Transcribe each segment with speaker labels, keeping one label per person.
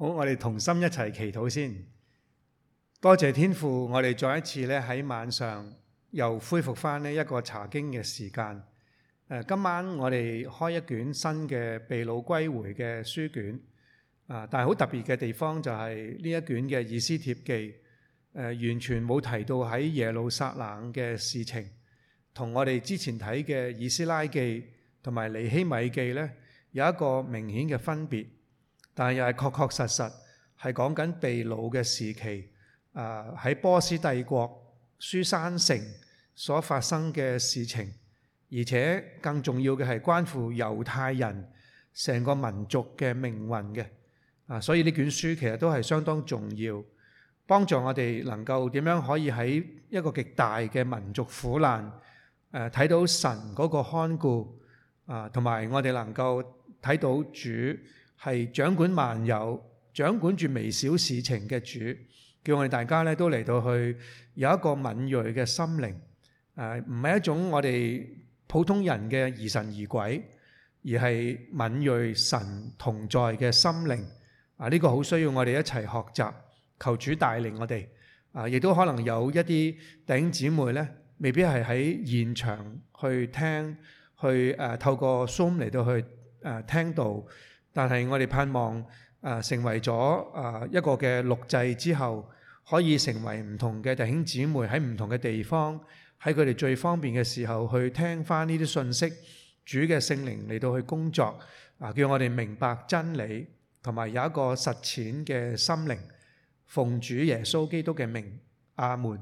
Speaker 1: 好，我哋同心一齊祈禱先。多謝天父，我哋再一次咧喺晚上又恢復翻呢一個查經嘅時間。誒，今晚我哋開一卷新嘅《被擄歸回》嘅書卷。啊，但係好特別嘅地方就係呢一卷嘅《以斯帖記》，誒，完全冇提到喺耶路撒冷嘅事情，同我哋之前睇嘅《以斯拉記》同埋《尼希米記》咧有一個明顯嘅分別。但係又係確確實實係講緊被擄嘅時期，啊喺波斯帝國書珊城所發生嘅事情，而且更重要嘅係關乎猶太人成個民族嘅命運嘅，啊所以呢卷書其實都係相當重要，幫助我哋能夠點樣可以喺一個極大嘅民族苦難，誒睇到神嗰個看顧，啊同埋我哋能夠睇到主。係掌管萬有，掌管住微小事情嘅主，叫我哋大家咧都嚟到去有一個敏銳嘅心靈，誒唔係一種我哋普通人嘅疑神疑鬼，而係敏銳神同在嘅心靈。啊，呢、這個好需要我哋一齊學習，求主帶領我哋。啊，亦都可能有一啲弟兄姊妹咧，未必係喺現場去聽，去誒、啊、透過 Zoom 嚟到去誒、啊、聽到。但係我哋盼望啊，成為咗啊一個嘅錄製之後，可以成為唔同嘅弟兄姊妹喺唔同嘅地方，喺佢哋最方便嘅時候去聽返呢啲信息，主嘅聖靈嚟到去工作，啊叫我哋明白真理，同埋有一個實踐嘅心靈，奉主耶穌基督嘅名，阿門。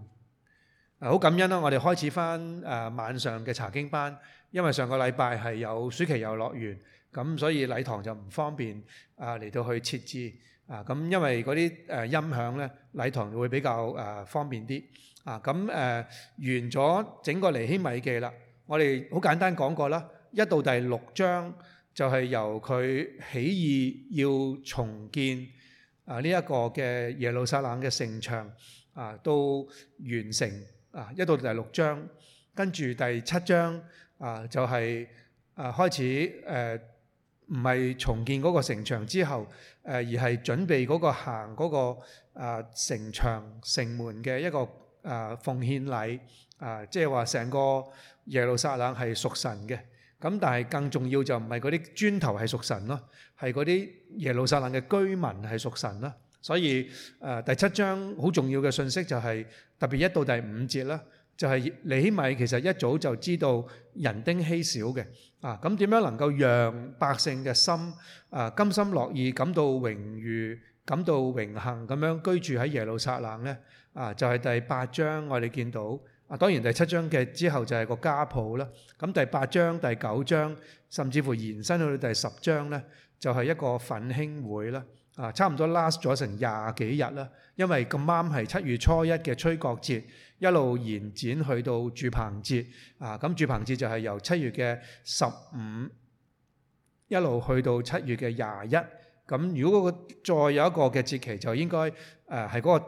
Speaker 1: 好感恩啦！我哋開始返誒晚上嘅查經班，因為上個禮拜係有暑期遊樂園。咁所以禮堂就唔方便啊嚟到去設置啊咁，因為嗰啲誒音響呢，禮堂會比較誒方便啲啊。咁誒完咗整個尼希米記啦，我哋好簡單講過啦，一到第六章就係由佢起意要重建啊呢一個嘅耶路撒冷嘅城牆啊，到完成啊一到第六章，跟住第七章啊就係啊開始誒。唔係重建嗰個城牆之後，誒而係準備嗰個行嗰個啊城牆城門嘅一個啊奉獻禮啊，即係話成個耶路撒冷係屬神嘅。咁但係更重要就唔係嗰啲磚頭係屬神咯，係嗰啲耶路撒冷嘅居民係屬神啦。所以誒第七章好重要嘅信息就係特別一到第五節啦。就係尼希米其實一早就知道人丁稀少嘅啊，咁點樣能夠讓百姓嘅心啊甘心樂意，感到榮譽、感到榮幸咁樣居住喺耶路撒冷呢？啊，就係第八章我哋見到啊，當然第七章嘅之後就係個家譜啦。咁第八章、第九章，甚至乎延伸到第十章呢，就係一個奮興會啦。啊，差唔多 last 咗成廿幾日啦，因為咁啱係七月初一嘅吹角節。一路延展去到住棚節啊，咁住棚節就係由七月嘅十五一路去到七月嘅廿一，咁如果再有一個嘅節期，就應該誒係嗰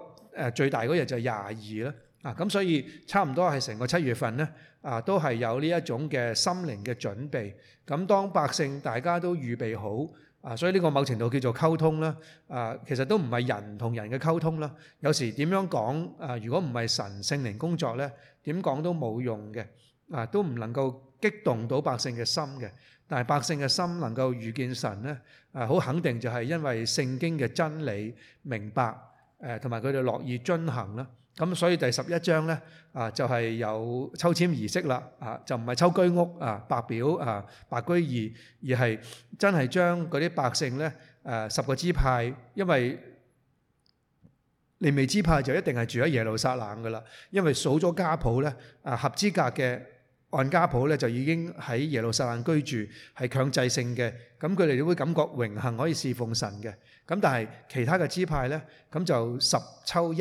Speaker 1: 個最大嗰日就係廿二啦。啊，咁、那個啊啊、所以差唔多係成個七月份咧，啊都係有呢一種嘅心靈嘅準備。咁當百姓大家都預備好。啊，所以呢個某程度叫做溝通啦。啊，其實都唔係人同人嘅溝通啦。有時點樣講啊？如果唔係神聖靈工作呢，點講都冇用嘅。啊，都唔能夠激動到百姓嘅心嘅。但係百姓嘅心能夠遇見神呢，啊，好肯定就係因為聖經嘅真理明白，誒，同埋佢哋樂意遵行啦。咁所以第十一章咧啊，就係有抽籤儀式啦啊，就唔係抽居屋啊，白表啊，白居二，而係真係將嗰啲百姓咧，誒十個支派，因為利未支派就一定係住喺耶路撒冷噶啦，因為數咗家譜咧啊，合資格嘅按家譜咧就已經喺耶路撒冷居住，係強制性嘅，咁佢哋都會感覺榮幸可以侍奉神嘅，咁但係其他嘅支派咧，咁就十抽一。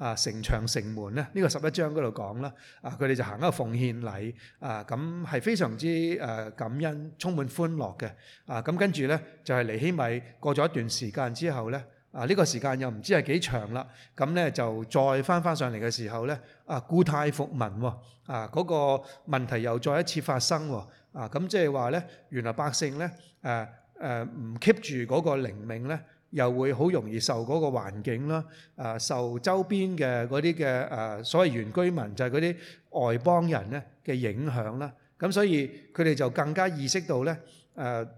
Speaker 1: 啊，城牆、城門咧，呢個十一章嗰度講啦。啊，佢哋就行一個奉獻禮。啊，咁係非常之誒感恩，充滿歡樂嘅。啊，咁跟住咧就係尼希米過咗一段時間之後咧。啊，呢個時間又唔知係幾長啦。咁咧就再返返上嚟嘅時候咧，啊，故態復民故態復萌喎。啊，嗰個問題又再一次發生喎。啊，咁即係話咧，原來百姓咧誒誒唔 keep 住嗰個靈命咧。又會好容易受嗰個環境啦，啊，受周邊嘅嗰啲嘅誒所謂原居民，就係嗰啲外邦人咧嘅影響啦。咁所以佢哋就更加意識到咧，誒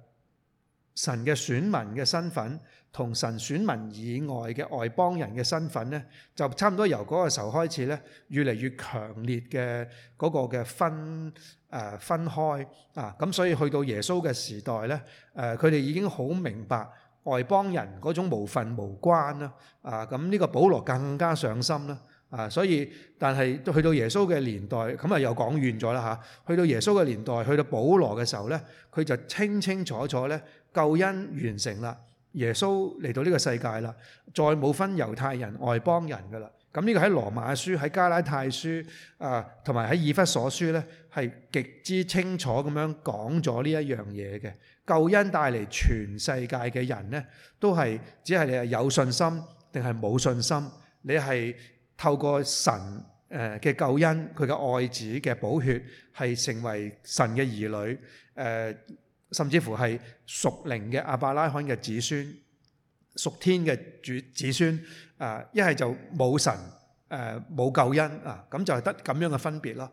Speaker 1: 神嘅選民嘅身份，同神選民以外嘅外邦人嘅身份咧，就差唔多由嗰個時候開始咧，越嚟越強烈嘅嗰個嘅分誒分開啊。咁所以去到耶穌嘅時代咧，誒佢哋已經好明白。外邦人嗰種無分無關啦、啊，啊咁呢、呢個保羅更加上心啦、啊，啊所以但係去到耶穌嘅年代，咁啊又講遠咗啦嚇。去到耶穌嘅年、啊、年代，去到保羅嘅時候呢佢就清清楚楚呢救恩完成啦，耶穌嚟到呢個世界啦，再冇分猶太人外邦人噶啦。咁、啊、呢、呢個喺羅馬書、喺加拉太書啊，同埋喺以弗所書呢，係極之清楚咁樣講咗呢一樣嘢嘅救恩帶嚟全世界嘅人呢，都係只係你係有信心定係冇信心？你係透過神誒嘅救恩，佢嘅愛子嘅寶血，係成為神嘅兒女誒，甚至乎係屬靈嘅亞伯拉罕嘅子孫，屬天嘅主子孫啊，一係就冇神誒冇救恩啊，咁就係得咁樣嘅分別咯。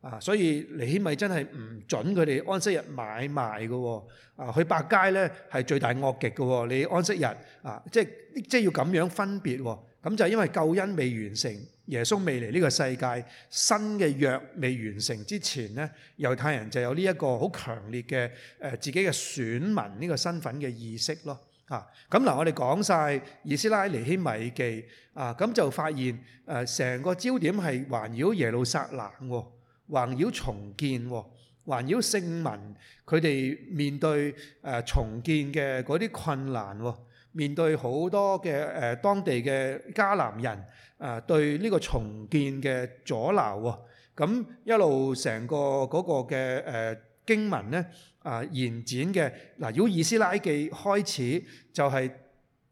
Speaker 1: 啊，所以尼希米真係唔准佢哋安息日買賣嘅喎，啊去百佳呢係罪大惡極嘅喎，你安息日啊，即係即係要咁樣分別喎，咁就因為救恩未完成，耶穌未嚟呢個世界，新嘅約未完成之前呢，猶太人就有呢一個好強烈嘅誒、呃、自己嘅選民呢個身份嘅意識咯，啊，咁嗱我哋講晒以斯拉尼希米記啊，咁就發現誒成、呃、個焦點係環繞耶路撒冷喎、哦。環繞重建，環繞聖民，佢哋面對誒重建嘅嗰啲困難，面對好多嘅誒當地嘅迦南人啊，對呢個重建嘅阻撓喎，咁一路成個嗰個嘅誒經文咧啊延展嘅，嗱如果以斯拉記開始就係、是。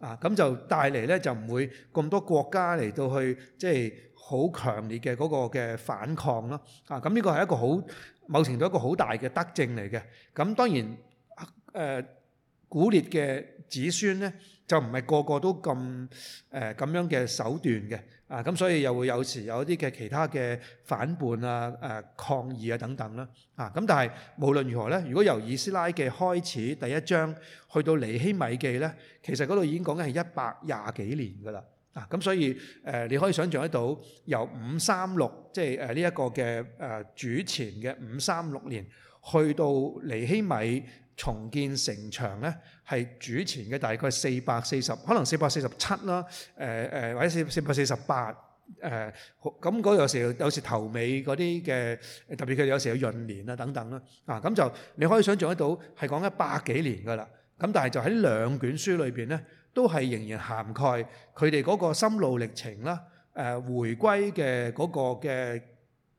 Speaker 1: 啊，咁就帶嚟咧就唔會咁多國家嚟到去，即係好強烈嘅嗰個嘅反抗咯。啊，咁呢個係一個好某程度一個好大嘅德政嚟嘅。咁、啊、當然誒、呃、古列嘅子孫咧，就唔係個個都咁誒咁樣嘅手段嘅。啊，咁所以又會有時有一啲嘅其他嘅反叛啊、啊、抗議啊等等啦。咁、啊啊、但係無論如何呢，如果由以斯拉嘅開始第一章去到尼希米記呢，其實嗰度已經講緊係一百廿幾年噶啦。啊，咁所以誒、呃、你可以想像得到，由五三六即係呢一個嘅、呃、主前嘅五三六年去到尼希米。重建城牆咧，係主前嘅大概四百四十，可能四百四十七啦，誒誒或者四四百四十八誒，咁嗰陣時有時頭尾嗰啲嘅，特別佢有時有閏年啊等等啦，啊，咁就你可以想象得到係講緊一百幾年噶啦，咁但係就喺兩卷書裏邊咧，都係仍然涵蓋佢哋嗰個心路歷程啦，誒回歸嘅嗰個嘅。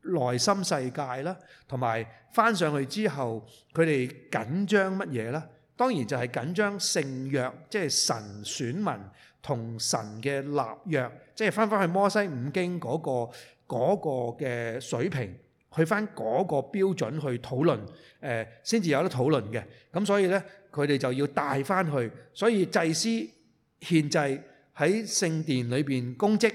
Speaker 1: 內心世界啦，同埋翻上去之後，佢哋緊張乜嘢呢？當然就係緊張聖約，即係神選民同神嘅立約，即係翻翻去摩西五經嗰個嗰個嘅水平，去翻嗰個標準去討論，誒先至有得討論嘅。咁所以呢，佢哋就要帶翻去，所以祭司獻祭喺聖殿裏邊供職。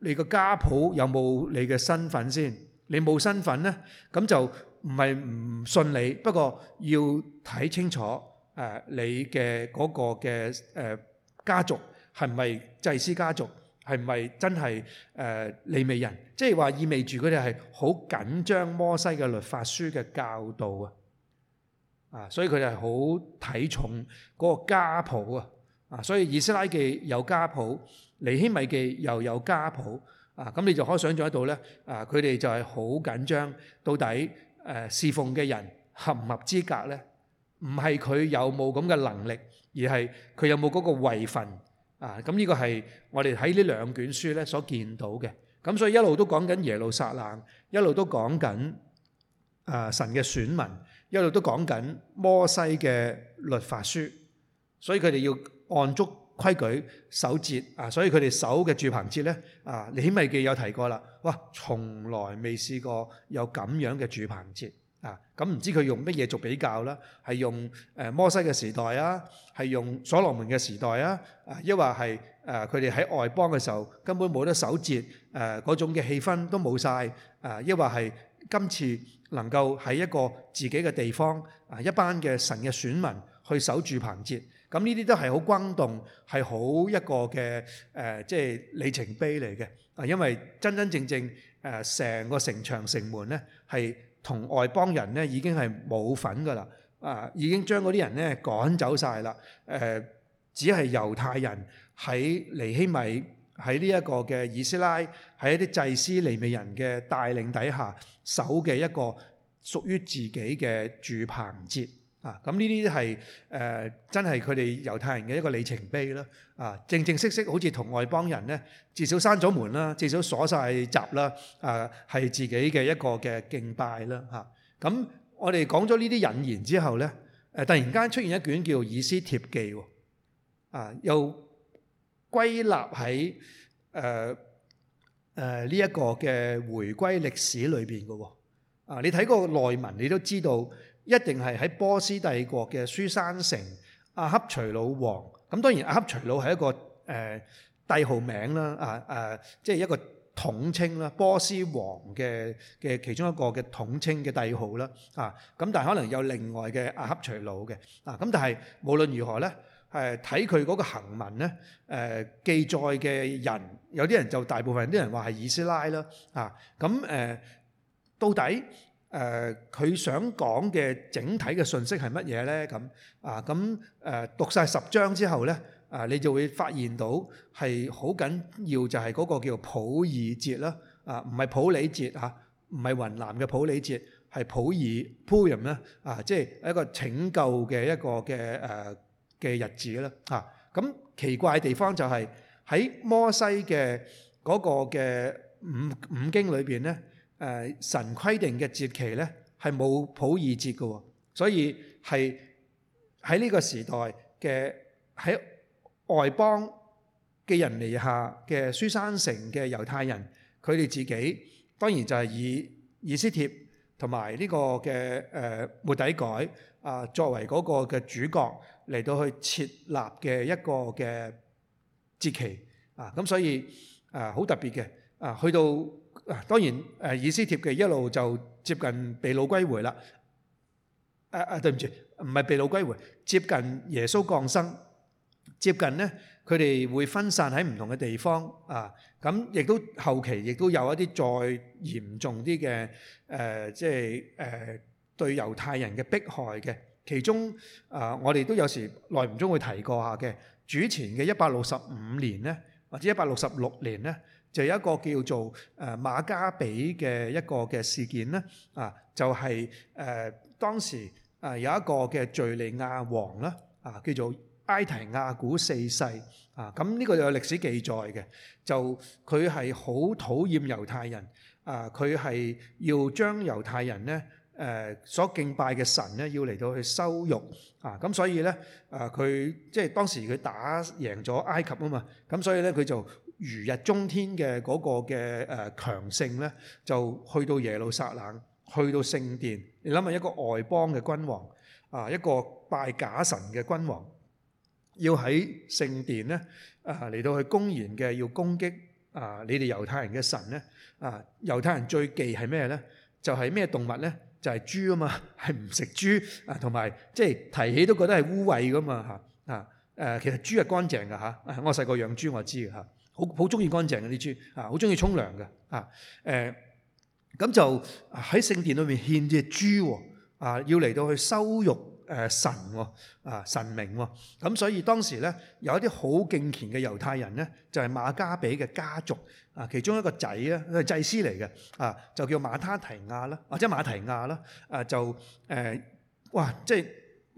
Speaker 1: 你個家譜有冇你嘅身份先？你冇身份呢，咁就唔係唔信你。不過要睇清楚誒、呃，你嘅嗰、那個嘅誒、呃、家族係咪祭司家族？係咪真係誒、呃、利未人？即係話意味住佢哋係好緊張摩西嘅律法書嘅教導啊！啊，所以佢哋係好睇重嗰個家譜啊！啊，所以以斯拉記有家譜。尼希米記又有家譜啊，咁你就可以想象得到咧啊，佢哋就係好緊張，到底誒侍奉嘅人合唔合資格咧？唔係佢有冇咁嘅能力，而係佢有冇嗰個位份啊？咁呢個係我哋喺呢兩卷書咧所見到嘅。咁所以一路都講緊耶路撒冷，一路都講緊啊神嘅選民，一路都講緊摩西嘅律法書。所以佢哋要按足規矩守節啊，所以佢哋守嘅住棚節呢，啊，尼希米記有提過啦，哇，從來未試過有咁樣嘅住棚節啊，咁唔知佢用乜嘢做比較啦？係用誒摩西嘅時代啊，係用所羅門嘅時代啊，抑或係誒佢哋喺外邦嘅時候根本冇得守節誒嗰種嘅氣氛都冇晒，啊，抑或係今次能夠喺一個自己嘅地方啊，一班嘅神嘅選民去守住棚節。咁呢啲都係好轟動，係好一個嘅即係里程碑嚟嘅。啊，因為真真正正成、呃、個城牆城門咧，係同外邦人咧已經係冇份㗎喇。啊，已經將嗰啲人咧趕走晒啦、呃。只係猶太人喺尼希米喺呢一個嘅以斯拉喺一啲祭司利未人嘅帶領底下，守嘅一個屬於自己嘅住棚節。啊，咁呢啲係真係佢哋猶太人嘅一個里程碑啦！啊，正正式式好似同外邦人呢，至少閂咗門啦，至少鎖晒閘啦，啊，係自己嘅一個嘅敬拜啦嚇。咁、啊啊嗯、我哋講咗呢啲引言之後呢，誒、啊啊、突然間出現一卷叫《以斯帖記》喎，啊，又歸納喺呢一個嘅回歸歷史裏面嘅喎，啊，你睇個內文你都知道。一定係喺波斯帝國嘅書珊城亞哈隨魯王，咁當然亞哈隨魯係一個誒帝號名啦，啊誒即係一個統稱啦，波斯王嘅嘅其中一個嘅統稱嘅帝號啦，啊咁但係可能有另外嘅亞哈隨魯嘅，啊咁但係無論如何咧，誒睇佢嗰個行文咧，誒記載嘅人有啲人就大部分有啲人話係以斯拉啦，啊咁誒到底？誒佢想講嘅整體嘅信息係乜嘢咧？咁啊咁誒讀晒十章之後咧啊，你就會發現到係好緊要，就係嗰個叫普爾節啦啊，唔係普洱節嚇，唔係雲南嘅普洱節，係普爾 （Purim） 啦啊，即係一個拯救嘅一個嘅誒嘅日子啦嚇。咁奇怪嘅地方就係喺摩西嘅嗰個嘅五五經裏邊咧。誒、呃、神規定嘅節期呢係冇普珥節嘅，所以係喺呢個時代嘅喺外邦寄人籬下嘅書珊城嘅猶太人，佢哋自己當然就係以以斯帖同埋呢個嘅誒末底改啊、呃、作為嗰個嘅主角嚟到去設立嘅一個嘅節期啊，咁、呃、所以誒好、呃、特別嘅啊，去到。嗱，當然，誒，以斯帖嘅一路就接近被擄歸回啦。誒、啊、誒，對唔住，唔係被擄歸回，接近耶穌降生，接近咧，佢哋會分散喺唔同嘅地方啊。咁亦都後期亦都有一啲再嚴重啲嘅誒，即係誒對猶太人嘅迫害嘅。其中啊，我哋都有時耐唔中會提過下嘅主前嘅一百六十五年咧，或者一百六十六年咧。就有一個叫做誒馬加比嘅一個嘅事件啦，啊，就係誒當時啊有一個嘅敍利亞王啦，啊叫做埃提亞古四世，啊咁呢個有歷史記載嘅，就佢係好討厭猶太人，啊佢係要將猶太人咧誒所敬拜嘅神咧要嚟到去羞辱，啊咁所以咧啊佢即係當時佢打贏咗埃及啊嘛，咁所以咧佢就，如日中天嘅嗰個嘅強盛呢，就去到耶路撒冷，去到聖殿。你諗下一個外邦嘅君王啊，一個拜假神嘅君王，要喺聖殿呢啊嚟到去公然嘅要攻擊啊你哋猶太人嘅神呢。啊！猶太人最忌係咩呢？就係、是、咩動物呢？就係豬啊嘛，係唔食豬啊，同埋即係提起都覺得係污穢噶嘛啊，其實豬係乾淨嘅。我細個養豬，我知嘅。好好中意乾淨嘅啲豬啊，好中意沖涼嘅啊，誒、嗯、咁就喺聖殿裏面獻隻豬喎啊，要嚟到去羞辱誒、呃、神喎啊神明咁、啊、所以當時咧有一啲好敬虔嘅猶太人咧，就係、是、馬加比嘅家族啊，其中一個仔咧佢係祭司嚟嘅啊，就叫馬他提亞啦，或者馬提亞啦啊，就、啊、誒、啊啊啊、哇即係。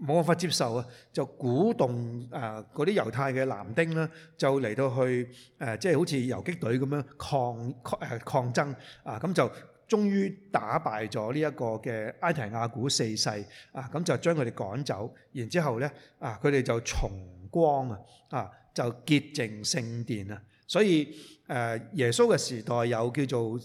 Speaker 1: 冇辦法接受啊，就鼓動誒嗰啲猶太嘅男丁啦，就嚟到去誒，即係好似遊擊隊咁樣抗抗誒抗爭啊！咁就終於打敗咗呢一個嘅埃提亞古四世啊！咁就將佢哋趕走，然之後咧啊，佢哋就重光啊啊，就潔淨聖殿啊！所以誒，耶穌嘅時代有叫做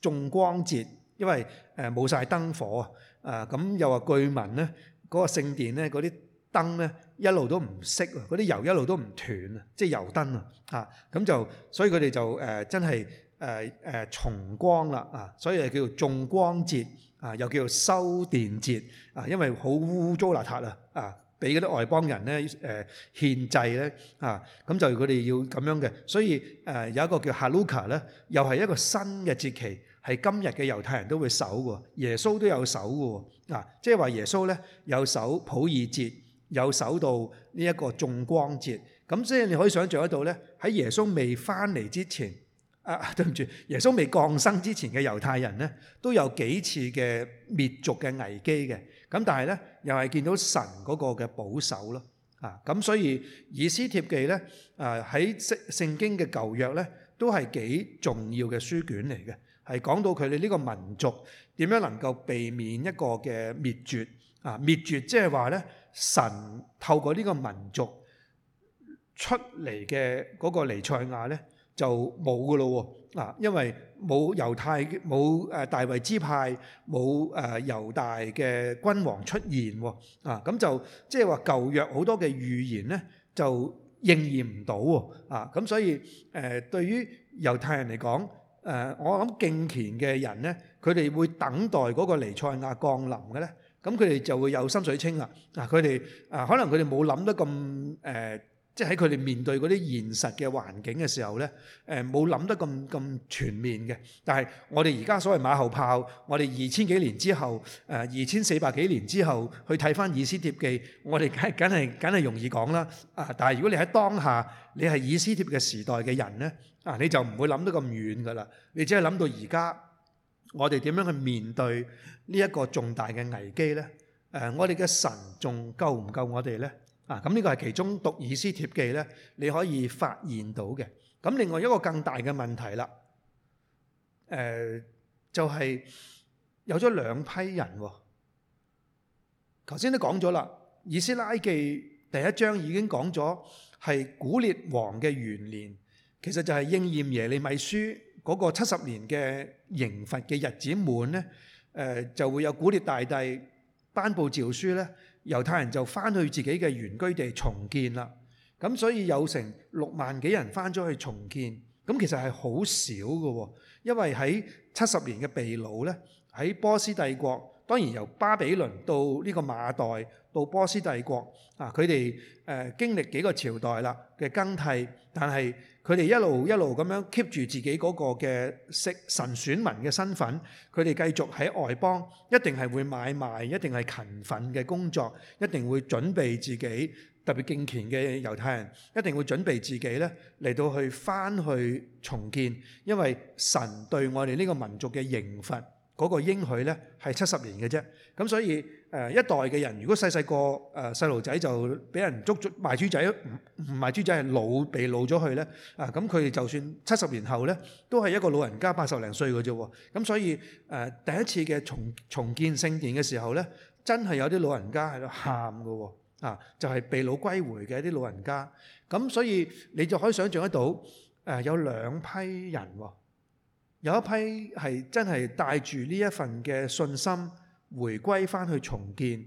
Speaker 1: 重光節，因為誒冇晒燈火啊！誒咁又話據聞咧。嗰、那個聖殿咧，嗰啲燈咧一路都唔熄，嗰啲油一路都唔斷啊，即係油燈啊，咁就所以佢哋就、呃、真係、呃呃、重光啦啊，所以係叫做重光節啊，又叫做修殿節啊，因為好污糟邋遢啊啊，俾嗰啲外邦人咧誒、呃、獻祭咧啊，咁就佢哋要咁樣嘅，所以、呃、有一個叫 Haluka 咧，又係一個新嘅節期。係今日嘅猶太人都會守嘅，耶穌都有守嘅，嗱，即係話耶穌咧有守普珥節，有守到呢一個眾光節，咁所以你可以想像得到咧，喺耶穌未翻嚟之前，啊對唔住，耶穌未降生之前嘅猶太人咧，都有幾次嘅滅族嘅危機嘅，咁但係咧又係見到神嗰個嘅保守咯，啊，咁所以以斯帖記咧，啊喺聖聖經嘅舊約咧，都係幾重要嘅書卷嚟嘅。係講到佢哋呢個民族點樣能夠避免一個嘅滅絕啊。滅絕即係話呢，神透過呢個民族出嚟嘅嗰個彌賽亞呢就冇㗎喇喎，因為冇猶太冇誒大衛支派冇誒猶大嘅君王出現喎。啊，咁就即係話舊約好多嘅預言呢就應驗唔到喎啊，咁所以誒對於猶太人嚟講。誒、呃，我諗敬虔嘅人呢，佢哋會等待嗰個尼賽亞降臨嘅呢。咁佢哋就會有心水清啦。佢哋啊，可能佢哋冇諗得咁誒。呃即係佢哋面對嗰啲現實嘅環境嘅時候呢，誒冇諗得咁咁全面嘅。但係我哋而家所謂馬後炮，我哋二千幾年之後，誒、呃、二千四百幾年之後去睇翻《以斯帖記》，我們，我哋梗係梗係容易講啦。啊！但係如果你喺當下，你係《以斯帖》嘅時代嘅人呢，啊你就唔會諗得咁遠噶啦。你只係諗到而家，我哋點樣去面對呢一個重大嘅危機呢？誒、呃，我哋嘅神仲夠唔夠我哋呢？啊，咁呢個係其中讀以斯帖記呢你可以發現到嘅。咁另外一個更大嘅問題啦，誒，就係有咗兩批人喎。頭先都講咗啦，《以斯拉記》第一章已經講咗，係古列王嘅元年，其實就係應驗耶利米書嗰個七十年嘅刑罰嘅日子滿呢，誒，就會有古列大帝頒布詔書呢。猶太人就翻去自己嘅原居地重建啦，咁所以有成六萬幾人翻咗去重建，咁其實係好少㗎喎，因為喺七十年嘅被擄呢，喺波斯帝國，當然由巴比倫到呢個馬代。到波斯帝國啊，佢哋誒經歷幾個朝代啦嘅更替，但係佢哋一路一路咁樣 keep 住自己嗰個嘅識神選民嘅身份，佢哋繼續喺外邦，一定係會買賣，一定係勤奮嘅工作，一定會準備自己，特別敬虔嘅猶太人，一定會準備自己呢嚟到去返去重建，因為神對我哋呢個民族嘅刑罰嗰個應許呢係七十年嘅啫，咁所以。誒一代嘅人，如果細細個誒細路仔就俾人捉住賣豬仔，唔唔賣豬仔係擄被擄咗去呢。啊！咁佢哋就算七十年後呢，都係一個老人家八十零歲嘅啫喎。咁、啊、所以誒、啊、第一次嘅重重建聖殿嘅時候呢，真係有啲老人家喺度喊㗎喎啊！就係、是、被擄歸回嘅一啲老人家。咁、啊、所以你就可以想像得到誒、啊、有兩批人，啊、有一批係真係帶住呢一份嘅信心。回歸翻去重建，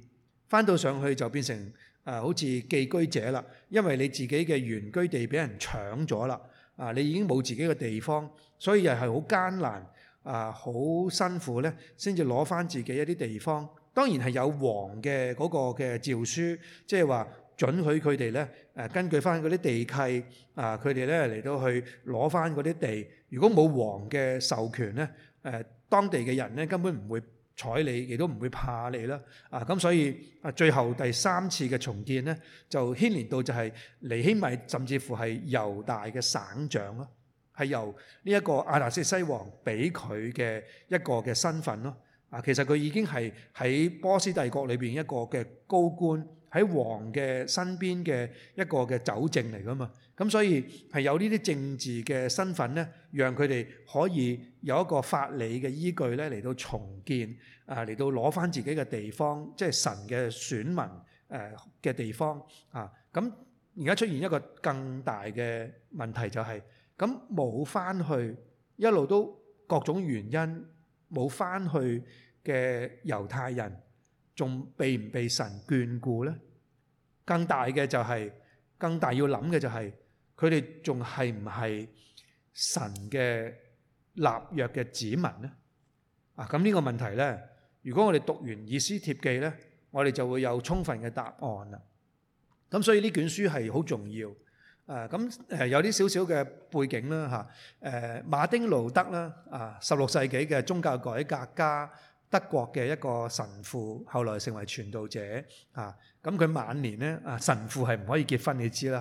Speaker 1: 翻到上去就變成誒、呃、好似寄居者啦，因為你自己嘅原居地俾人搶咗啦，啊、呃、你已經冇自己嘅地方，所以又係好艱難啊，好、呃、辛苦咧，先至攞翻自己一啲地方。當然係有王嘅嗰個嘅詔書，即係話准許佢哋咧，誒根據翻嗰啲地契啊，佢哋咧嚟到去攞翻嗰啲地。如果冇王嘅授權咧，誒、呃、當地嘅人咧根本唔會睬你，亦都唔會怕你啦。啊，咁所以啊，最後第三次嘅重建呢，就牽連到就係尼希米，甚至乎係猶大嘅省長咯，係由呢一個亞達薛西王俾佢嘅一個嘅身份咯。啊，其實佢已經係喺波斯帝國裏邊一個嘅高官。喺王嘅身邊嘅一個嘅酒政嚟㗎嘛，咁所以係有呢啲政治嘅身份呢，讓佢哋可以有一個法理嘅依據呢，嚟到重建啊，嚟到攞返自己嘅地方，即係神嘅選民誒嘅、啊、地方啊。咁而家出現一個更大嘅問題就係、是，咁冇返去一路都各種原因冇返去嘅猶太人。仲被唔被神眷顧呢？更大嘅就係，更大要諗嘅就係，佢哋仲係唔係神嘅立約嘅子民呢？啊，咁呢個問題呢，如果我哋讀完《以斯帖記》呢，我哋就會有充分嘅答案啦。咁所以呢卷書係好重要。誒，咁誒有啲少少嘅背景啦，吓，誒，馬丁路德啦，啊，十六世紀嘅宗教改革家。德國嘅一個神父，後來成為傳道者啊。咁佢晚年呢，啊，神父係唔可以結婚，你知啦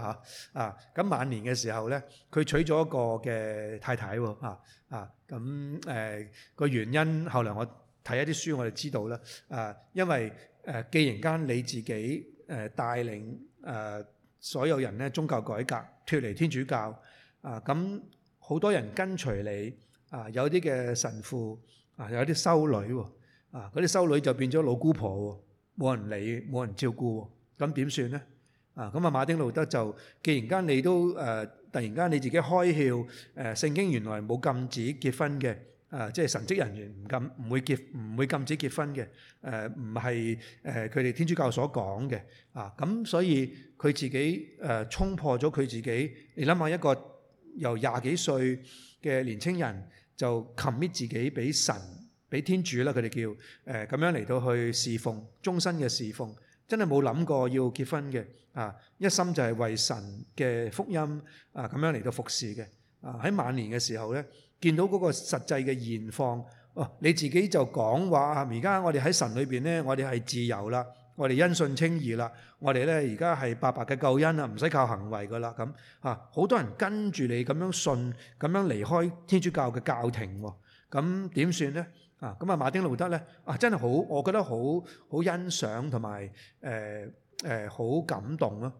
Speaker 1: 嚇。啊，咁晚年嘅時候呢，佢娶咗一個嘅太太喎。啊啊，咁誒個原因，後來我睇一啲書，我哋知道啦。啊，因為誒，既然間你自己誒帶領誒所有人呢宗教改革脫離天主教啊，咁好多人跟隨你啊，有啲嘅神父。啊！有啲修女喎，啊嗰啲修女就變咗老姑婆喎，冇人理，冇人照顧喎，咁點算呢？啊咁啊，馬丁路德就，既然間你都誒，突然間你自己開竅，誒聖經原來冇禁止結婚嘅，誒即係神職人員唔禁唔會結唔會禁止結婚嘅，誒唔係誒佢哋天主教所講嘅，啊咁所以佢自己誒衝破咗佢自己，你諗下一個由廿幾歲嘅年青人。就 commit 自己俾神，俾天主啦，佢哋叫誒咁樣嚟到去侍奉，終身嘅侍奉，真係冇諗過要結婚嘅啊！一心就係為神嘅福音啊，咁樣嚟到服侍嘅啊！喺晚年嘅時候呢，見到嗰個實際嘅現況，哦、啊，你自己就講話啊！而家我哋喺神裏面呢，我哋係自由啦。我哋因信稱義啦，我哋咧而家係白白嘅救恩啦，唔使靠行為噶啦。咁啊，好多人跟住你咁樣信，咁樣離開天主教嘅教廷喎。咁點算呢？啊咁啊，馬丁路德咧啊，真係好，我覺得好好欣賞同埋誒誒好感動咯。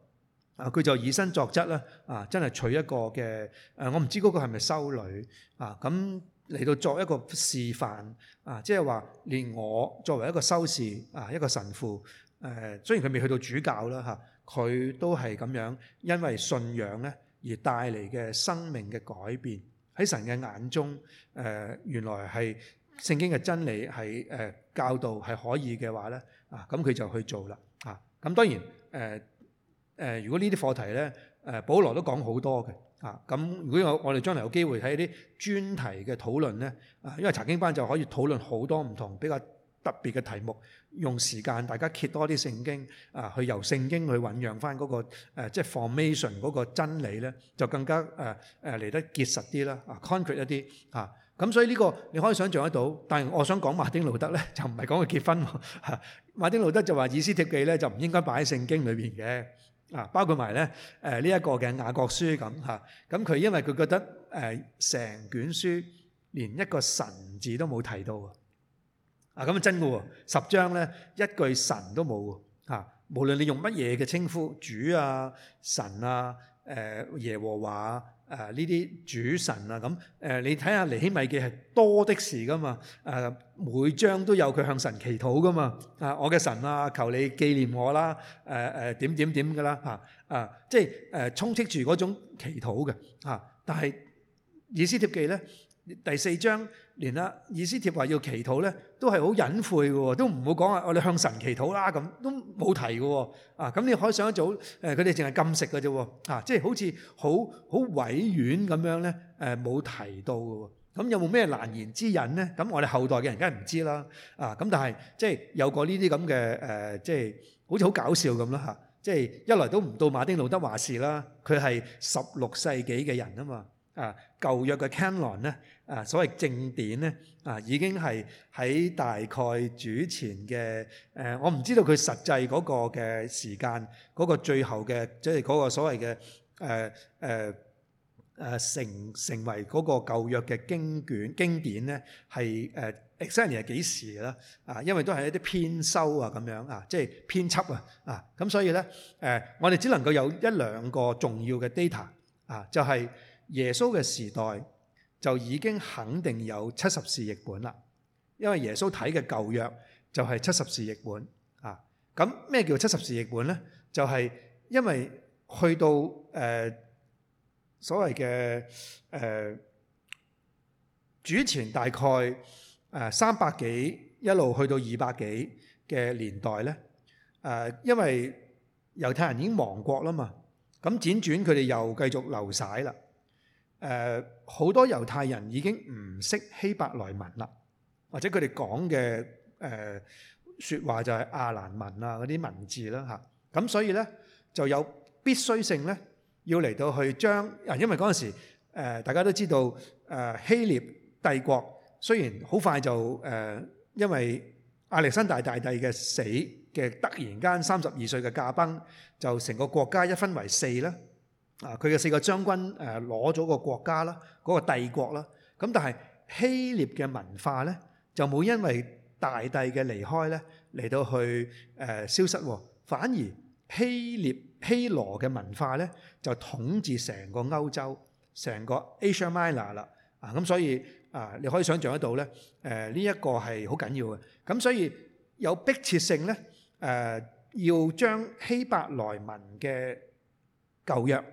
Speaker 1: 啊，佢就以身作則啦。啊，真係娶一個嘅誒，我唔知嗰個係咪修女啊？咁嚟到作一個示範啊，即係話連我作為一個修士啊，一個神父。誒，雖然佢未去到主教啦嚇，佢都係咁樣，因為信仰咧而帶嚟嘅生命嘅改變喺神嘅眼中，誒原來係聖經嘅真理係誒教導係可以嘅話咧，啊咁佢就去做啦，啊咁當然誒誒，如果呢啲課題咧，誒保羅都講好多嘅，啊咁如果有我哋將來有機會喺啲專題嘅討論咧，啊因為查經班就可以討論好多唔同比較特別嘅題目，用時間大家揭多啲聖經啊，去由聖經去醖釀翻嗰個誒，即係 formation 嗰個真理咧，就更加誒誒嚟得結實啲啦，啊 concrete 一啲嚇。咁所以呢個你可以想像得到，但係我想講馬丁路德咧，就唔係講佢結婚。馬丁路德就話《以斯帖記》咧就唔應該擺喺聖經裏邊嘅啊，包括埋咧誒呢一個嘅雅各書咁嚇。咁佢因為佢覺得誒成卷書連一個神字都冇提到。啊咁啊真嘅喎，十章咧一句神都冇喎嚇，無論你用乜嘢嘅稱呼主啊神啊誒、呃、耶和華啊誒呢啲主神啊咁誒、啊、你睇下尼希米記係多的士噶嘛誒、啊、每章都有佢向神祈禱噶嘛啊我嘅神啊求你記念我啦誒誒、啊啊、點點點嘅啦嚇啊即係誒、啊、充斥住嗰種祈禱嘅嚇、啊，但係以斯帖記咧。第四章連啦，以斯帖話要祈禱咧，都係好隱晦嘅喎，都唔好講我哋向神祈禱啦咁，都冇提嘅喎啊。咁你可以上一組，佢哋淨係禁食㗎啫喎，啊，即係、啊就是、好似好好委婉咁樣咧，冇、啊、提到嘅喎。咁、啊、有冇咩難言之隱咧？咁我哋後代嘅人梗係唔知啦，啊，咁但係即係有過呢啲咁嘅即係好似好搞笑咁啦即係一來都唔到馬丁路德華士啦，佢係十六世紀嘅人啊嘛，啊舊約嘅 Canon 咧。啊、所謂正典咧，啊已經係喺大概主前嘅、呃、我唔知道佢實際嗰個嘅時間，嗰、嗰個最後嘅即係嗰個所謂嘅、呃呃、成成為嗰個舊約嘅經卷經典咧，係 exactly 係幾時啦？啊，因為都係一啲編修啊咁樣啊，即係編輯啊啊，咁所以咧、啊、我哋只能夠有一兩個重要嘅 data 啊，就係、係、耶穌嘅時代。就已經肯定有七十士譯本啦，因為耶穌睇嘅舊約就係七十士譯本啊。咁咩叫七十士譯本呢？就係、是、因為去到誒、呃、所謂嘅誒主前大概誒、呃、三百幾一路去到二百幾嘅年代呢，誒，因為猶太人已經亡國啦嘛，咁輾轉佢哋又繼續流徙啦。誒、呃、好多猶太人已經唔識希伯來文啦，或者佢哋講嘅誒說話就係阿蘭文啊嗰啲文字啦嚇咁、啊、所以呢，就有必須性呢，要嚟到去將啊，因為嗰陣時、呃、大家都知道誒、呃、希臘帝國雖然好快就誒、呃，因為亞歷山大大帝嘅死嘅突然間三十二歲嘅駕崩，就成個國家一分為四啦。啊！佢嘅四個將軍誒攞咗個國家啦，嗰個帝國啦。咁但係希臘嘅文化咧，就冇因為大帝嘅離開咧嚟到去誒消失喎。反而希臘希羅嘅文化咧，就統治成個歐洲、成個 Asia Minor 啦。啊，咁所以啊，你可以想象得到咧，誒呢一個係好緊要嘅。咁所以有迫切性咧，誒要將希伯來文嘅舊約，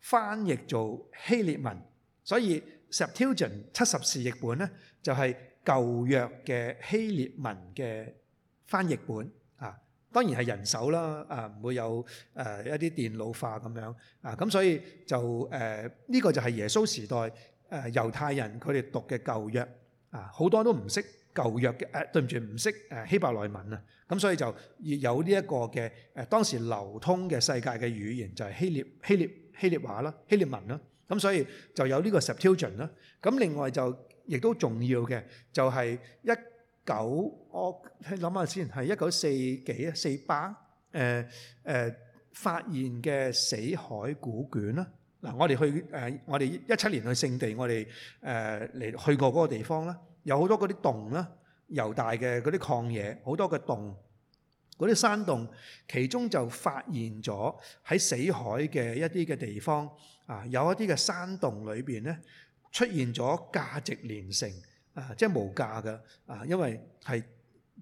Speaker 1: 翻譯做希臘文，所以 Septuagint 七十士譯本咧就係舊約嘅希臘文嘅翻譯本啊。當然係人手啦，啊唔會有誒一啲電腦化咁樣啊。咁所以就誒呢個就係耶穌時代誒猶太人佢哋讀嘅舊約啊，好多都唔識舊約嘅誒，對唔住唔識誒希伯來文啊。咁所以就有呢一個嘅誒當時流通嘅世界嘅語言就係希臘希臘。希臘話啦，希臘文啦，咁所以就有呢個 subtlety 啦。咁另外就亦都重要嘅，就係一九我諗下先，係一九四幾啊，四八誒誒發現嘅死海古卷啦。嗱、呃，我哋去誒，我哋一七年去聖地，我哋誒嚟去過嗰個地方啦，有好多嗰啲洞啦，猶大嘅嗰啲曠野，好多嘅洞。嗰啲山洞，其中就發現咗喺死海嘅一啲嘅地方啊，有一啲嘅山洞裏邊咧出現咗價值連城啊，即係無價嘅啊，因為係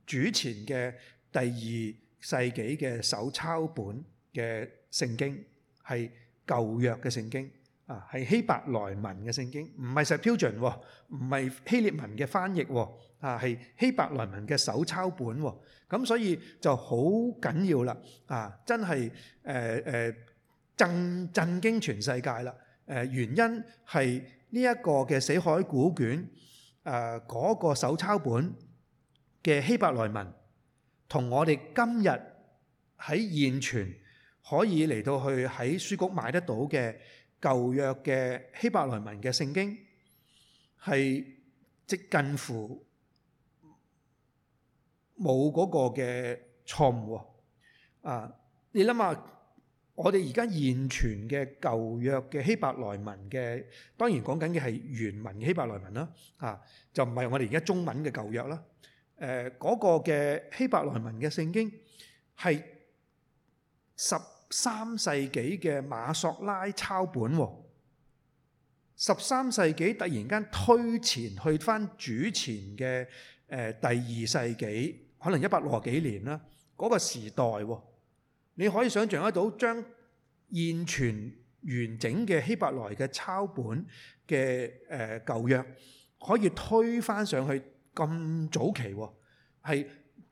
Speaker 1: 主前嘅第二世紀嘅手抄本嘅聖經，係舊約嘅聖經。啊，係希伯來文嘅聖經，唔係 Septuagint 喎，唔係希列文嘅翻譯喎，啊係希伯來文嘅手抄本喎，咁所以就好緊要啦，啊真係誒誒震震驚全世界啦！誒原因係呢一個嘅死海古卷誒嗰個手抄本嘅希伯來文，同我哋今日喺現存可以嚟到去喺書局買得到嘅，舊約嘅希伯來文嘅聖經係即近乎冇嗰個嘅錯誤啊！你諗下，我哋而家現存嘅舊約嘅希伯來文嘅，當然講緊嘅係原文希伯來文啦，啊，就唔係我哋而家中文嘅舊約啦，啊。誒，嗰個嘅希伯來文嘅聖經係十。三世紀嘅馬索拉抄本，十三世紀突然間推前去翻主前嘅第二世紀，可能一百六十幾年啦。嗰個時代，你可以想像得到，將現存完整嘅希伯來嘅抄本嘅誒舊約，可以推翻上去咁早期，係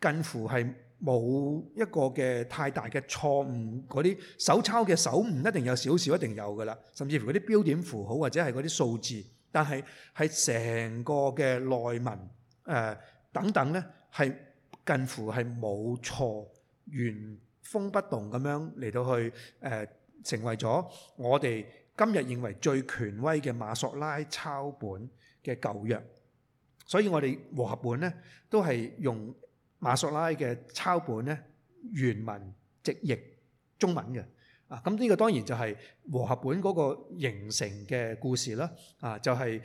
Speaker 1: 近乎係。冇一個嘅太大嘅錯誤，嗰啲手抄嘅手誤一定有，少少一定有㗎喇。甚至乎嗰啲標點符號或者係嗰啲數字，但係係成個嘅內文誒等等呢，係近乎係冇錯，原封不動咁樣嚟到去誒成為咗我哋今日認為最權威嘅馬索拉抄本嘅舊約。所以我哋和合本呢都係用。馬索拉嘅抄本咧，原文直譯中文嘅，啊，咁、這、呢個當然就係《和合本》嗰個形成嘅故事啦，啊，就係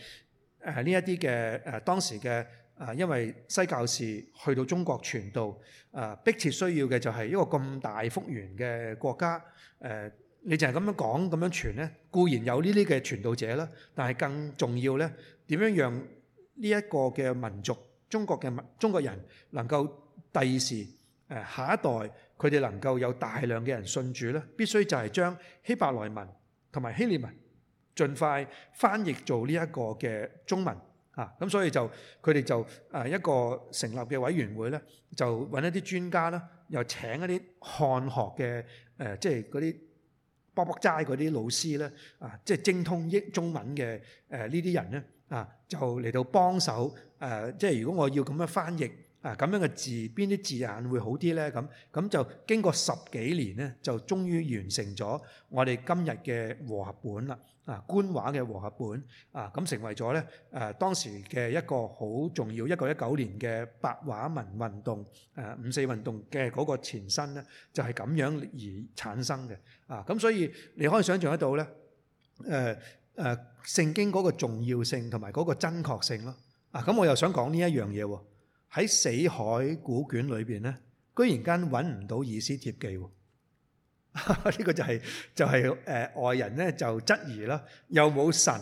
Speaker 1: 誒呢一啲嘅誒當時嘅誒、啊，因為西教士去到中國傳道，啊，迫切需要嘅就係一個咁大幅員嘅國家，誒、啊，你淨係咁樣講，咁樣傳咧，固然有呢啲嘅傳道者啦，但係更重要咧，點樣讓呢一個嘅民族、中國嘅民、中國人能夠。第二時，誒下一代佢哋能夠有大量嘅人信主咧，必須就係將希伯來文同埋希臘文盡快翻譯做呢一個嘅中文啊！咁所以就佢哋就誒、啊、一個成立嘅委員會咧，就揾一啲專家啦，又請一啲漢學嘅誒，即係嗰啲卜卜齋嗰啲老師咧啊，即係、啊、精通英中文嘅誒呢啲人咧啊，就嚟到幫手誒、啊，即係如果我要咁樣翻譯。啊咁樣嘅字，邊啲字眼會好啲呢？咁咁就經過十幾年呢，就終於完成咗我哋今日嘅和合本啦。啊，官話嘅和合本啊，咁成為咗呢誒當時嘅一個好重要一九一九年嘅白話文運動誒五四運動嘅嗰個前身呢，就係咁樣而產生嘅。啊，咁所以你可以想象得到呢，誒誒聖經嗰個重要性同埋嗰個真確性咯。啊，咁我又想講呢一樣嘢喎。喺死海古卷裏邊咧，居然間揾唔到《以斯帖記》喎？呢、這個就係、是、就係、是、誒、呃、外人咧就質疑啦，又冇神，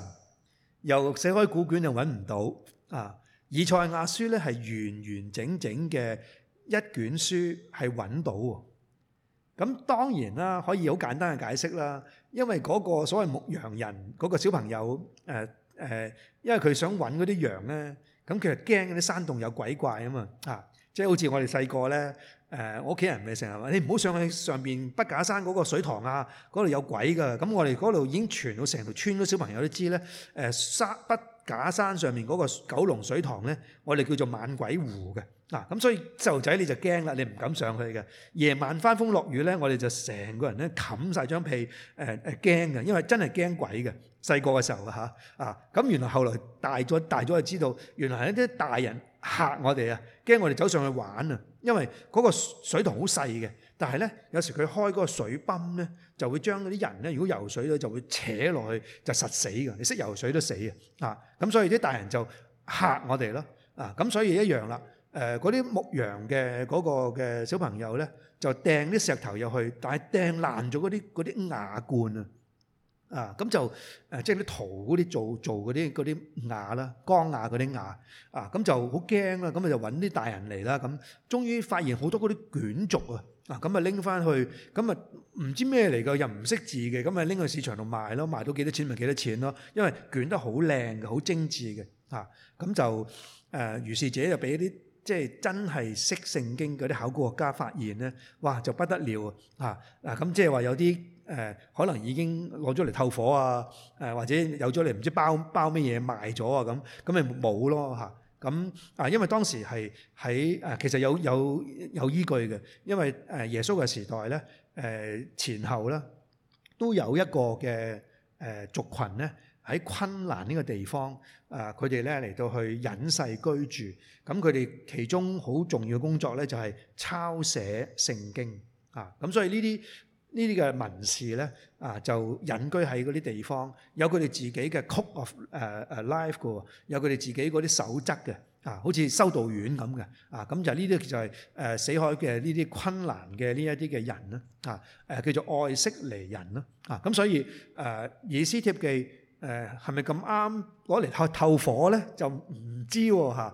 Speaker 1: 又死海古卷又揾唔到啊！以賽亞書咧係完完整整嘅一卷書係揾到喎。咁當然啦，可以好簡單嘅解釋啦，因為嗰個所謂牧羊人嗰、那個小朋友誒誒、呃呃，因為佢想揾嗰啲羊咧。咁其實驚嗰啲山洞有鬼怪啊嘛，啊，即、就、係、是、好似我哋細個咧，誒、呃，我屋企人咪成日話：你唔好上去上面北假山嗰個水塘啊，嗰度有鬼㗎。咁我哋嗰度已經傳到成條村都小朋友都知咧，誒、呃，山北假山上面嗰個九龍水塘咧，我哋叫做猛鬼湖嘅。嗱、啊，咁所以細路仔你就驚啦，你唔敢上去嘅。夜晚翻風落雨咧，我哋就成個人咧冚晒張被，誒誒驚嘅，因為真係驚鬼嘅。細個嘅時候嚇啊，咁、啊、原來後來大咗大咗就知道，原來係一啲大人嚇我哋啊，驚我哋走上去玩啊，因為嗰個水塘好細嘅，但係咧有時佢開嗰個水泵咧，就會將嗰啲人咧如果游水咧就會扯落去就實死嘅，你識游水都死嘅啊。咁所以啲大人就嚇我哋咯，啊咁所以一樣啦。誒嗰啲牧羊嘅嗰個嘅小朋友咧，就掟啲石頭入去，但係掟爛咗嗰啲啲瓦罐啊！啊，咁就誒、嗯、即係啲陶嗰啲做做嗰啲啲瓦啦，鋼牙嗰啲瓦啊，咁就好驚啦！咁咪就揾啲大人嚟啦，咁終於發現好多嗰啲卷軸啊！啊，咁咪拎翻去，咁咪唔知咩嚟㗎，又唔識字嘅，咁咪拎去市場度賣咯，賣到幾多錢咪幾多錢咯，因為捲得好靚嘅，好精緻嘅嚇，咁、啊、就誒於是者就俾啲。即、就、係、是、真係識聖經嗰啲考古學家發現呢，哇就不得了啊！啊，咁即係話有啲誒、呃、可能已經攞咗嚟透火啊，誒、啊、或者有咗嚟唔知包包乜嘢賣咗啊咁，咁咪冇咯嚇咁啊！因為當時係喺啊，其實有有有依據嘅，因為誒耶穌嘅時代呢，誒、呃、前後呢，都有一個嘅、呃、族群呢。喺昆蘭呢個地方，啊、呃，佢哋咧嚟到去隱世居住，咁佢哋其中好重要嘅工作咧就係、是、抄寫聖經，啊，咁所以呢啲呢啲嘅文士咧，啊，就隱居喺嗰啲地方，有佢哋自己嘅 code of 誒誒 life 嘅喎，有佢哋自己嗰啲守則嘅，啊，好似修道院咁嘅，啊，咁就呢啲就係誒死海嘅呢啲昆蘭嘅呢一啲嘅人啦，啊，誒、啊啊、叫做愛色尼人啦，啊，咁所以誒、啊、以斯帖記。誒係咪咁啱攞嚟去透火呢？就唔知喎咁、啊、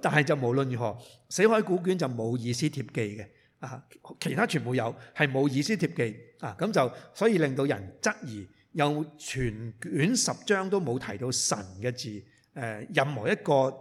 Speaker 1: 但係就無論如何，死海古卷就冇以斯帖記嘅啊，其他全部有，係冇以斯帖記啊。咁就所以令到人質疑，又全卷十章都冇提到神嘅字，誒任何一個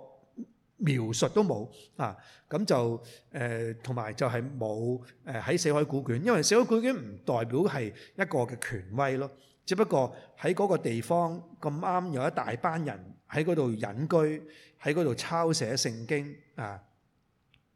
Speaker 1: 描述都冇啊。咁就誒同埋就係冇誒喺死海古卷，因為死海古卷唔代表係一個嘅權威咯。只不過喺嗰個地方咁啱有一大班人喺嗰度隱居，喺嗰度抄寫聖經啊，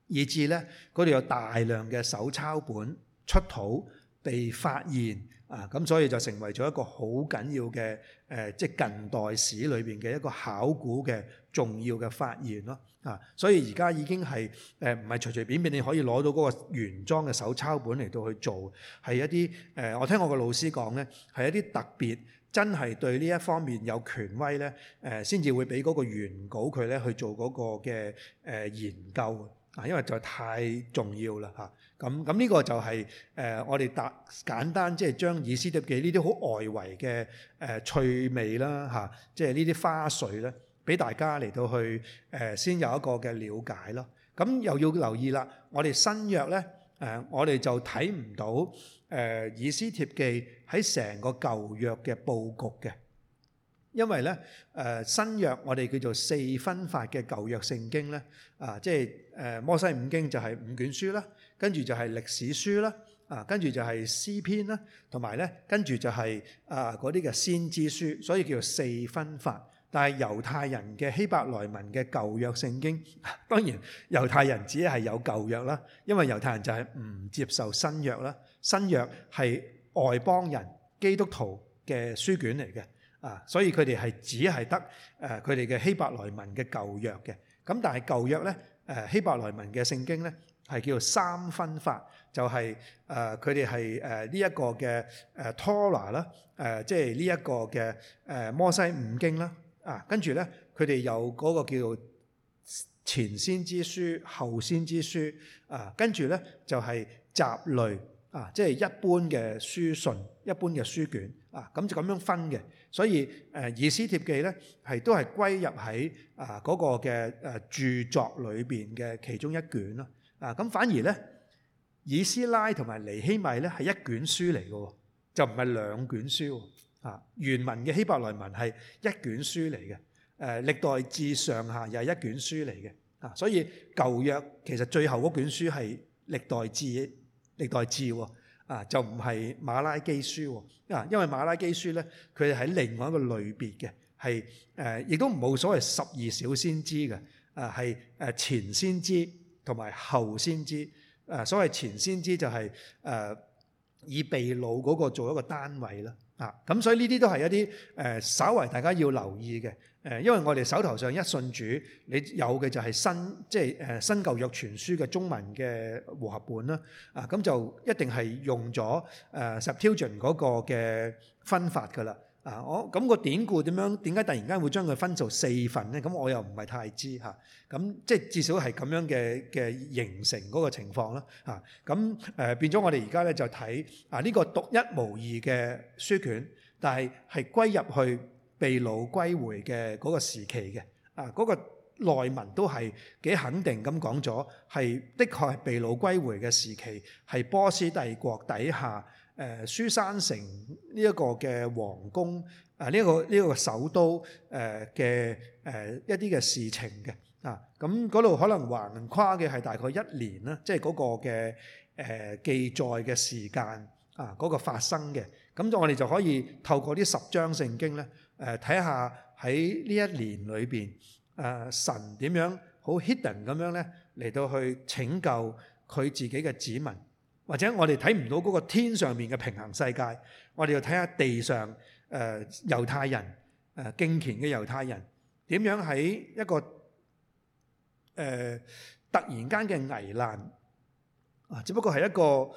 Speaker 1: 以至呢，嗰度有大量嘅手抄本出土被發現。啊，咁所以就成為咗一個好緊要嘅誒、呃，即係近代史裏邊嘅一個考古嘅重要嘅發現咯。啊，所以而家已經係誒唔係隨隨便便你可以攞到嗰個原裝嘅手抄本嚟到去做，係一啲誒、呃，我聽我個老師講咧，係一啲特別真係對呢一方面有權威咧，誒先至會俾嗰個原稿佢咧去做嗰個嘅誒、呃、研究啊，因為就太重要啦嚇。啊。咁咁呢個就係誒我哋答簡單，即係將以斯帖記呢啲好外圍嘅誒趣味啦嚇，即係呢啲花絮咧，俾大家嚟到去誒先有一個嘅了解咯。咁又要留意啦，我哋新約咧誒，我哋就睇唔到誒以斯帖記喺成個舊約嘅佈局嘅，因為咧誒新約我哋叫做四分法嘅舊約聖經咧啊，即係摩西五經就係五卷書啦。跟住就係歷史書啦，啊，跟住就係詩篇啦，同埋咧，跟住就係啊嗰啲嘅先知書，所以叫做四分法。但係猶太人嘅希伯來文嘅舊約聖經，當然猶太人只係有舊約啦，因為猶太人就係唔接受新約啦。新約係外邦人基督徒嘅書卷嚟嘅，啊，所以佢哋係只係得誒佢哋嘅希伯來文嘅舊約嘅。咁但係舊約咧，誒希伯來文嘅聖經咧，係叫做三分法，就係誒佢哋係誒呢一個嘅誒 Tora 啦，誒、呃、即係呢一個嘅誒、呃、摩西五經啦，啊跟住咧佢哋有嗰個叫做前先知書、後先知書，啊跟住咧就係、是、雜類啊，即係一般嘅書信、一般嘅書卷啊，咁就咁樣分嘅。所以誒、呃、以斯帖記咧係都係歸入喺啊嗰、那個嘅誒、啊、著作裏邊嘅其中一卷咯。啊，咁反而呢，以斯拉同埋尼希米呢係一卷書嚟嘅，就唔係兩卷書。啊，原文嘅希伯來文係一卷書嚟嘅，誒歷代志上下又係一卷書嚟嘅。啊，所以舊約其實最後嗰卷書係歷代志，歷代志喎。啊，就唔係馬拉基書。啊，因為馬拉基書呢，佢係另外一個類別嘅，係誒、呃、亦都冇所謂十二小先知嘅。啊，係誒前先知。同埋後先知，所謂前先知就係誒以被擄嗰個做一個單位啦，啊，咁所以呢啲都係一啲誒稍為大家要留意嘅，誒，因為我哋手頭上一信主，你有嘅就係新即係、就係、新舊約全書嘅中文嘅和合本啦，啊，咁就一定係用咗誒 Septuagint 嗰個嘅分法㗎喇。啊！我咁個典故點樣？點解突然間會將佢分做四份咧？咁我又唔係太知嚇。咁即係至少係咁樣嘅嘅形成嗰個情況啦。啊！咁誒變咗我哋而家咧就睇啊呢個獨一無二嘅書卷，但係係歸入去被擄歸回嘅嗰個時期嘅。啊！嗰個內文都係幾肯定咁講咗，係的確係被擄歸回嘅時期，係波斯帝國底下。誒書山城呢一個嘅王宮啊，呢個呢個首都誒嘅誒一啲嘅事情嘅啊，咁嗰度可能橫跨嘅係大概一年啦，即係嗰個嘅誒記載嘅時間啊，嗰個發生嘅，咁我哋就可以透過呢十章聖經咧，誒睇下喺呢一年裏邊誒神點樣好 hidden 咁樣咧嚟到去拯救佢自己嘅子民。或者我哋睇唔到嗰個天上面嘅平衡世界，我哋要睇下地上誒猶、呃、太人誒、呃、敬虔嘅猶太人點樣喺一個誒、呃、突然間嘅危難啊，只不過係一個誒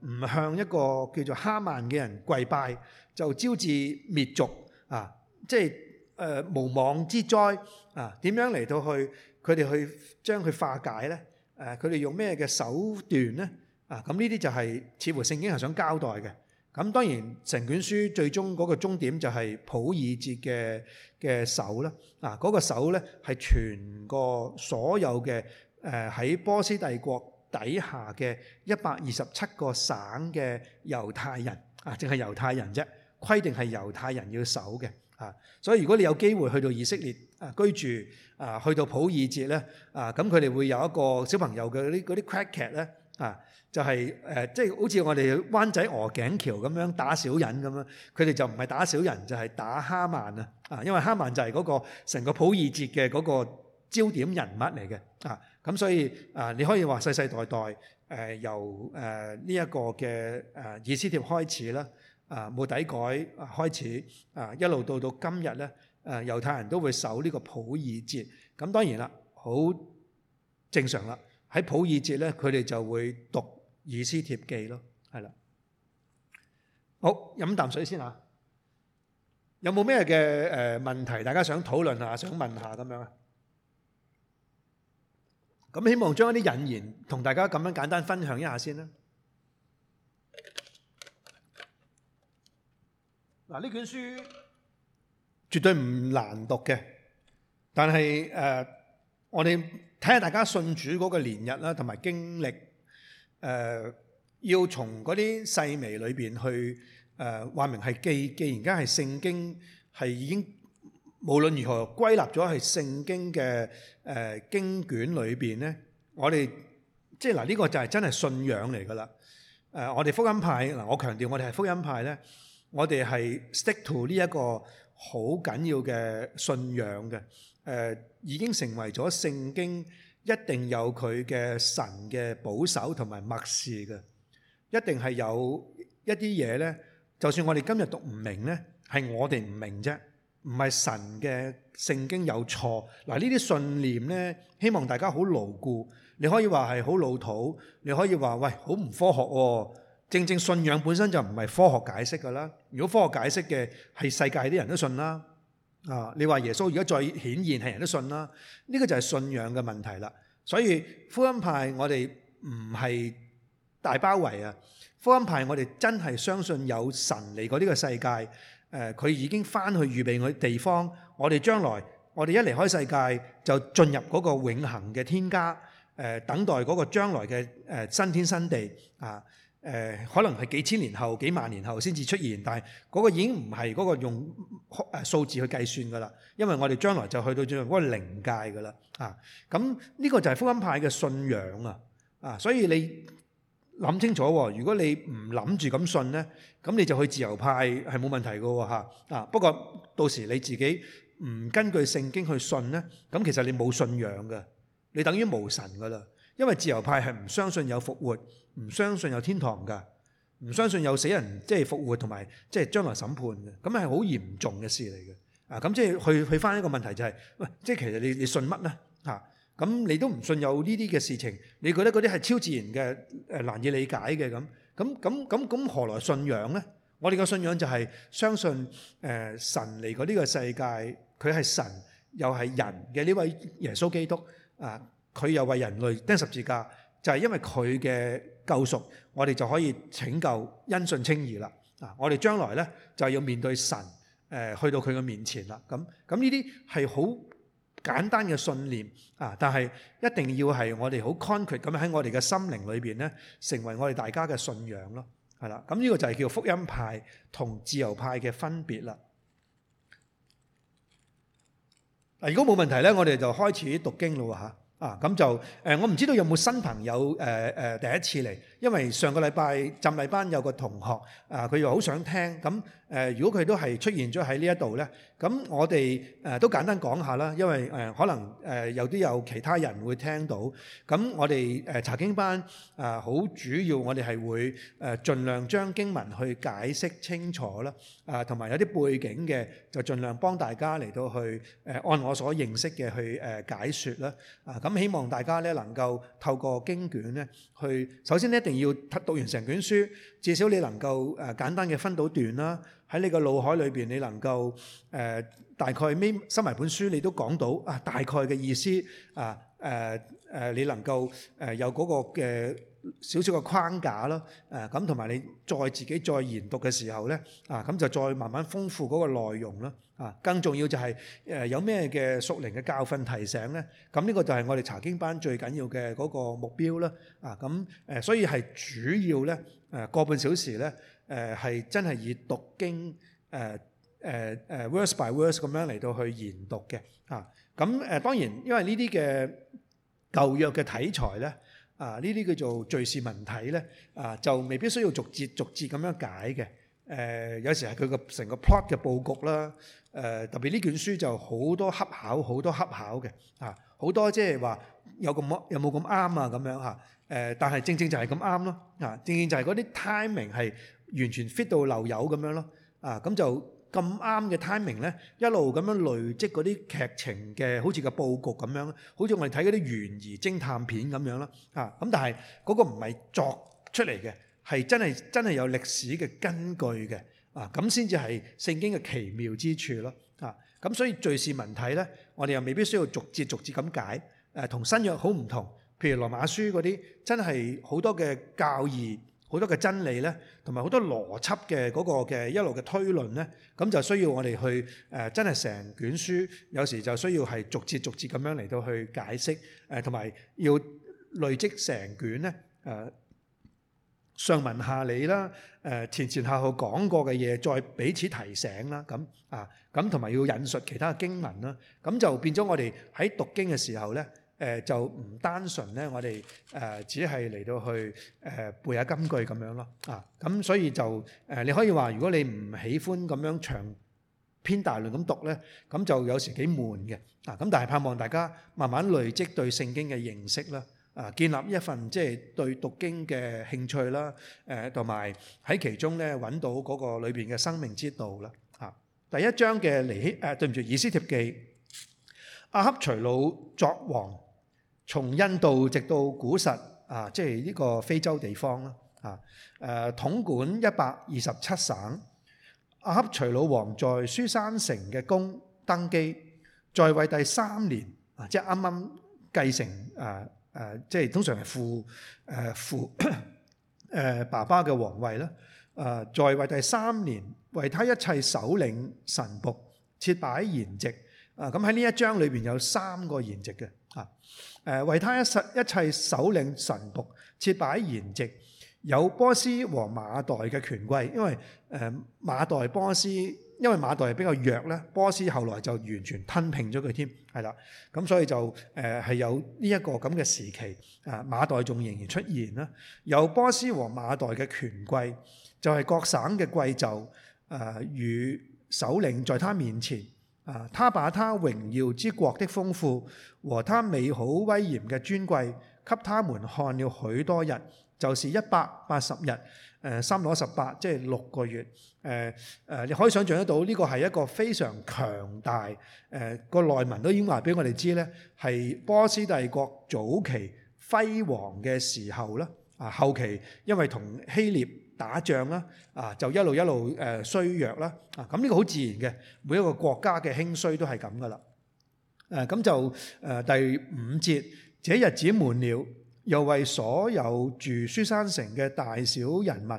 Speaker 1: 唔、呃、向一個叫做哈曼嘅人跪拜，就招致滅族啊！即係誒、呃、無妄之災啊！點樣嚟到去佢哋去將佢化解呢？誒、啊，佢哋用咩嘅手段呢？啊，咁呢啲就係似乎聖經係想交代嘅。咁、啊、當然成卷書最終嗰個終點就係普珥節嘅嘅守啦。啊，嗰、嗰個守呢，係全個所有嘅喺、呃、波斯帝國底下嘅一百二十七個省嘅猶太人啊，淨係猶太人啫。規定係猶太人要守嘅啊。所以如果你有機會去到以色列啊居住啊，去到普珥節呢，啊，咁佢哋會有一個小朋友嘅嗰啲啲 cracker 呢。啊，就係誒，即係好似我哋灣仔鵝頸橋咁樣打小人咁樣，佢哋就唔係打小人，就係打哈曼啊！啊，因為哈曼就係嗰個成個普珥節嘅嗰個焦點人物嚟嘅啊。咁所以啊，你可以話世世代代誒，由誒呢一個嘅誒以斯帖開始啦，啊，冇底改開始，啊，一路到到今日呢，誒猶太人都會守呢個普珥節。咁當然啦，好正常啦。喺普珥節咧，佢哋就會讀以斯帖記咯，係啦。好，飲啖水先啊！有冇咩嘅誒問題？大家想討論下，想問下咁樣啊？咁希望將一啲引言同大家咁樣簡單分享一下先啦、啊。嗱，呢卷書絕對唔難讀嘅，但係誒、呃，我哋。睇下大家信主嗰個年日啦，同埋經歷。誒、呃，要從嗰啲細微裏邊去誒話、呃、明係既既然家係聖經係已經無論如何歸納咗係聖經嘅誒、呃、經卷裏邊咧，我哋即係嗱呢個就係真係信仰嚟噶啦。誒、呃，我哋福音派嗱，我強調我哋係福音派咧，我哋係 stick to 呢一個好緊要嘅信仰嘅誒。呃已經成為咗聖經，一定有佢嘅神嘅保守同埋默示嘅，一定係有一啲嘢呢。就算我哋今日讀唔明呢，係我哋唔明啫，唔係神嘅聖經有錯。嗱，呢啲信念呢，希望大家好牢固。你可以話係好老土，你可以話喂，好唔科學喎。正正信仰本身就唔係科學解釋㗎啦。如果科學解釋嘅係世界啲人都信啦。啊！你話耶穌如果再顯現，係人都信啦、啊。呢、呢個就係信仰嘅問題啦。所以福音派我哋唔係大包圍啊。福音派我哋真係相信有神嚟過呢個世界。佢、呃、已經翻去預備佢地方。我哋將來，我哋一離開世界就進入嗰個永恆嘅天家。呃、等待嗰個將來嘅誒、呃、新天新地啊。誒、呃，可能係幾千年後、幾萬年後先至出現，但係嗰個已經唔係嗰個用。誒數字去計算㗎啦，因為我哋將來就去到最嗰個靈界㗎啦，啊，咁、這、呢個就係福音派嘅信仰啊，啊，所以你諗清楚喎，如果你唔諗住咁信呢，咁你就去自由派係冇問題嘅喎啊，不過到時你自己唔根據聖經去信呢，咁其實你冇信仰嘅，你等於無神㗎啦，因為自由派係唔相信有復活，唔相信有天堂㗎。唔相信有死人即係復活同埋即係將來審判嘅，咁係好嚴重嘅事嚟嘅。啊，咁即係去去返一個問題就係，喂，即係其實你你信乜咧？吓，咁你都唔信有呢啲嘅事情，你覺得嗰啲係超自然嘅誒難以理解嘅咁，咁咁咁咁何來信仰咧？我哋嘅信仰就係相信誒神嚟過呢個世界，佢係神又係人嘅呢位耶穌基督啊，佢又為人類釘十字架，就係因為佢嘅。救贖，我哋就可以拯救因信稱義啦。啊，我哋將來呢，就要面對神，誒，去到佢嘅面前啦。咁咁呢啲係好簡單嘅信念啊，但係一定要係我哋好 concrete 咁喺我哋嘅心靈裏邊呢，成為我哋大家嘅信仰咯。係啦，咁呢個就係叫福音派同自由派嘅分別啦。嗱，如果冇問題呢，我哋就開始讀經咯吓。啊，咁就誒、呃，我唔知道有冇新朋友誒誒、呃呃、第一次嚟，因為上個禮拜浸禮班有個同學啊，佢又好想聽，咁、嗯。誒、呃，如果佢都係出現咗喺呢一度呢，咁我哋誒、呃、都簡單講下啦，因為誒、呃、可能誒、呃、有啲有其他人會聽到，咁我哋誒、呃、查經班啊，好、呃、主要我哋係會誒盡量將經文去解釋清楚啦，啊、呃，同埋有啲背景嘅就盡量幫大家嚟到去誒、呃、按我所認識嘅去誒解説啦，啊、呃，咁希望大家呢能夠透過經卷呢，去，首先一定要讀完成卷書，至少你能夠誒、呃、簡單嘅分到段啦。喺你個腦海裏邊，你能夠誒大概咩收埋本書，你都講到啊，大概嘅意思啊誒誒，你能夠誒有嗰個嘅少少嘅框架啦，誒咁同埋你再自己再研讀嘅時候咧，啊咁就再慢慢豐富嗰個內容啦，啊更重要就係誒有咩嘅屬靈嘅教訓提醒咧，咁呢個就係我哋查經班最緊要嘅嗰個目標啦，啊咁誒所以係主要咧誒個半小時咧。誒係 真係以讀經誒誒誒 verse by verse 咁樣嚟到去研讀嘅啊咁誒當然因為呢啲嘅舊約嘅題材咧啊呢啲叫做敘事文體咧啊就未必需要逐節逐節咁樣解嘅誒、啊、有時係佢個成個 plot 嘅佈局啦誒、啊、特別呢卷書就好多恰巧好多恰巧嘅啊好多即係話有咁有冇咁啱啊咁樣嚇誒但係正正就係咁啱咯啊,啊正正就係嗰啲 timing 係。完全 fit 到漏油咁樣咯，啊咁就咁啱嘅 timing 咧，一路咁樣累積嗰啲劇情嘅，好似個佈局咁樣，好似我哋睇嗰啲懸疑偵探片咁樣啦，啊咁但係嗰個唔係作出嚟嘅，係真係真係有歷史嘅根據嘅，啊咁先至係聖經嘅奇妙之處咯，啊咁所以敘事文體咧，我哋又未必需要逐節逐節咁解，誒同新約好唔同，譬如羅馬書嗰啲真係好多嘅教義。好多嘅真理咧，同埋好多邏輯嘅嗰個嘅一路嘅推論咧，咁就需要我哋去誒真係成卷書，有時就需要係逐節逐節咁樣嚟到去解釋誒，同埋要累積成卷咧誒上文下理啦，誒前前後後講過嘅嘢再彼此提醒啦，咁啊咁同埋要引述其他嘅經文啦，咁就變咗我哋喺讀經嘅時候咧。誒就唔單純咧，我哋誒只係嚟到去誒背下金句咁樣咯，啊咁所以就誒你可以話，如果你唔喜歡咁樣長篇大論咁讀咧，咁就有時幾悶嘅，啊咁但係盼望大家慢慢累積對聖經嘅認識啦，啊建立一份即係對讀經嘅興趣啦，誒同埋喺其中咧揾到嗰個裏邊嘅生命之道啦，啊第一章嘅尼誒對唔住以斯帖記，亞哈隨魯作王。從印度直到古實啊，即係呢個非洲地方啦，啊，誒、啊、統管一百二十七省。亞哈隨魯王在書珊城嘅宮登基，在位第三年啊，即係啱啱繼承誒誒、啊啊，即係通常係父誒、啊、父誒、啊、爸爸嘅皇位啦。啊，在位第三年，為他一切首領臣僕，設擺筵席。啊，咁喺呢一章裏邊有三個筵席嘅。誒，為他一一切首領臣僕，設擺筵席，有波斯和馬代嘅權貴，因為誒馬代波斯，因為馬代係比較弱咧，波斯後來就完全吞併咗佢添，係啦，咁所以就誒係有呢一個咁嘅時期，啊馬代仲仍然出現啦，有波斯和馬代嘅權貴，就係、是、各省嘅貴就誒與首領在他面前。啊！他把他榮耀之國的豐富和他美好威嚴嘅尊貴給他們看了許多日，就是一百八十日，誒三六十八，即係六個月。誒、呃呃、你可以想象得到呢，這個係一個非常強大。誒個內文都已經話俾我哋知呢係波斯帝國早期輝煌嘅時候啦。啊，後期因為同希臘打仗啦，啊就一路一路誒衰弱啦，啊咁呢個好自然嘅，每一個國家嘅興衰都係咁噶啦。誒咁就誒第五節，這日子滿了，又為所有住書珊城嘅大小人民，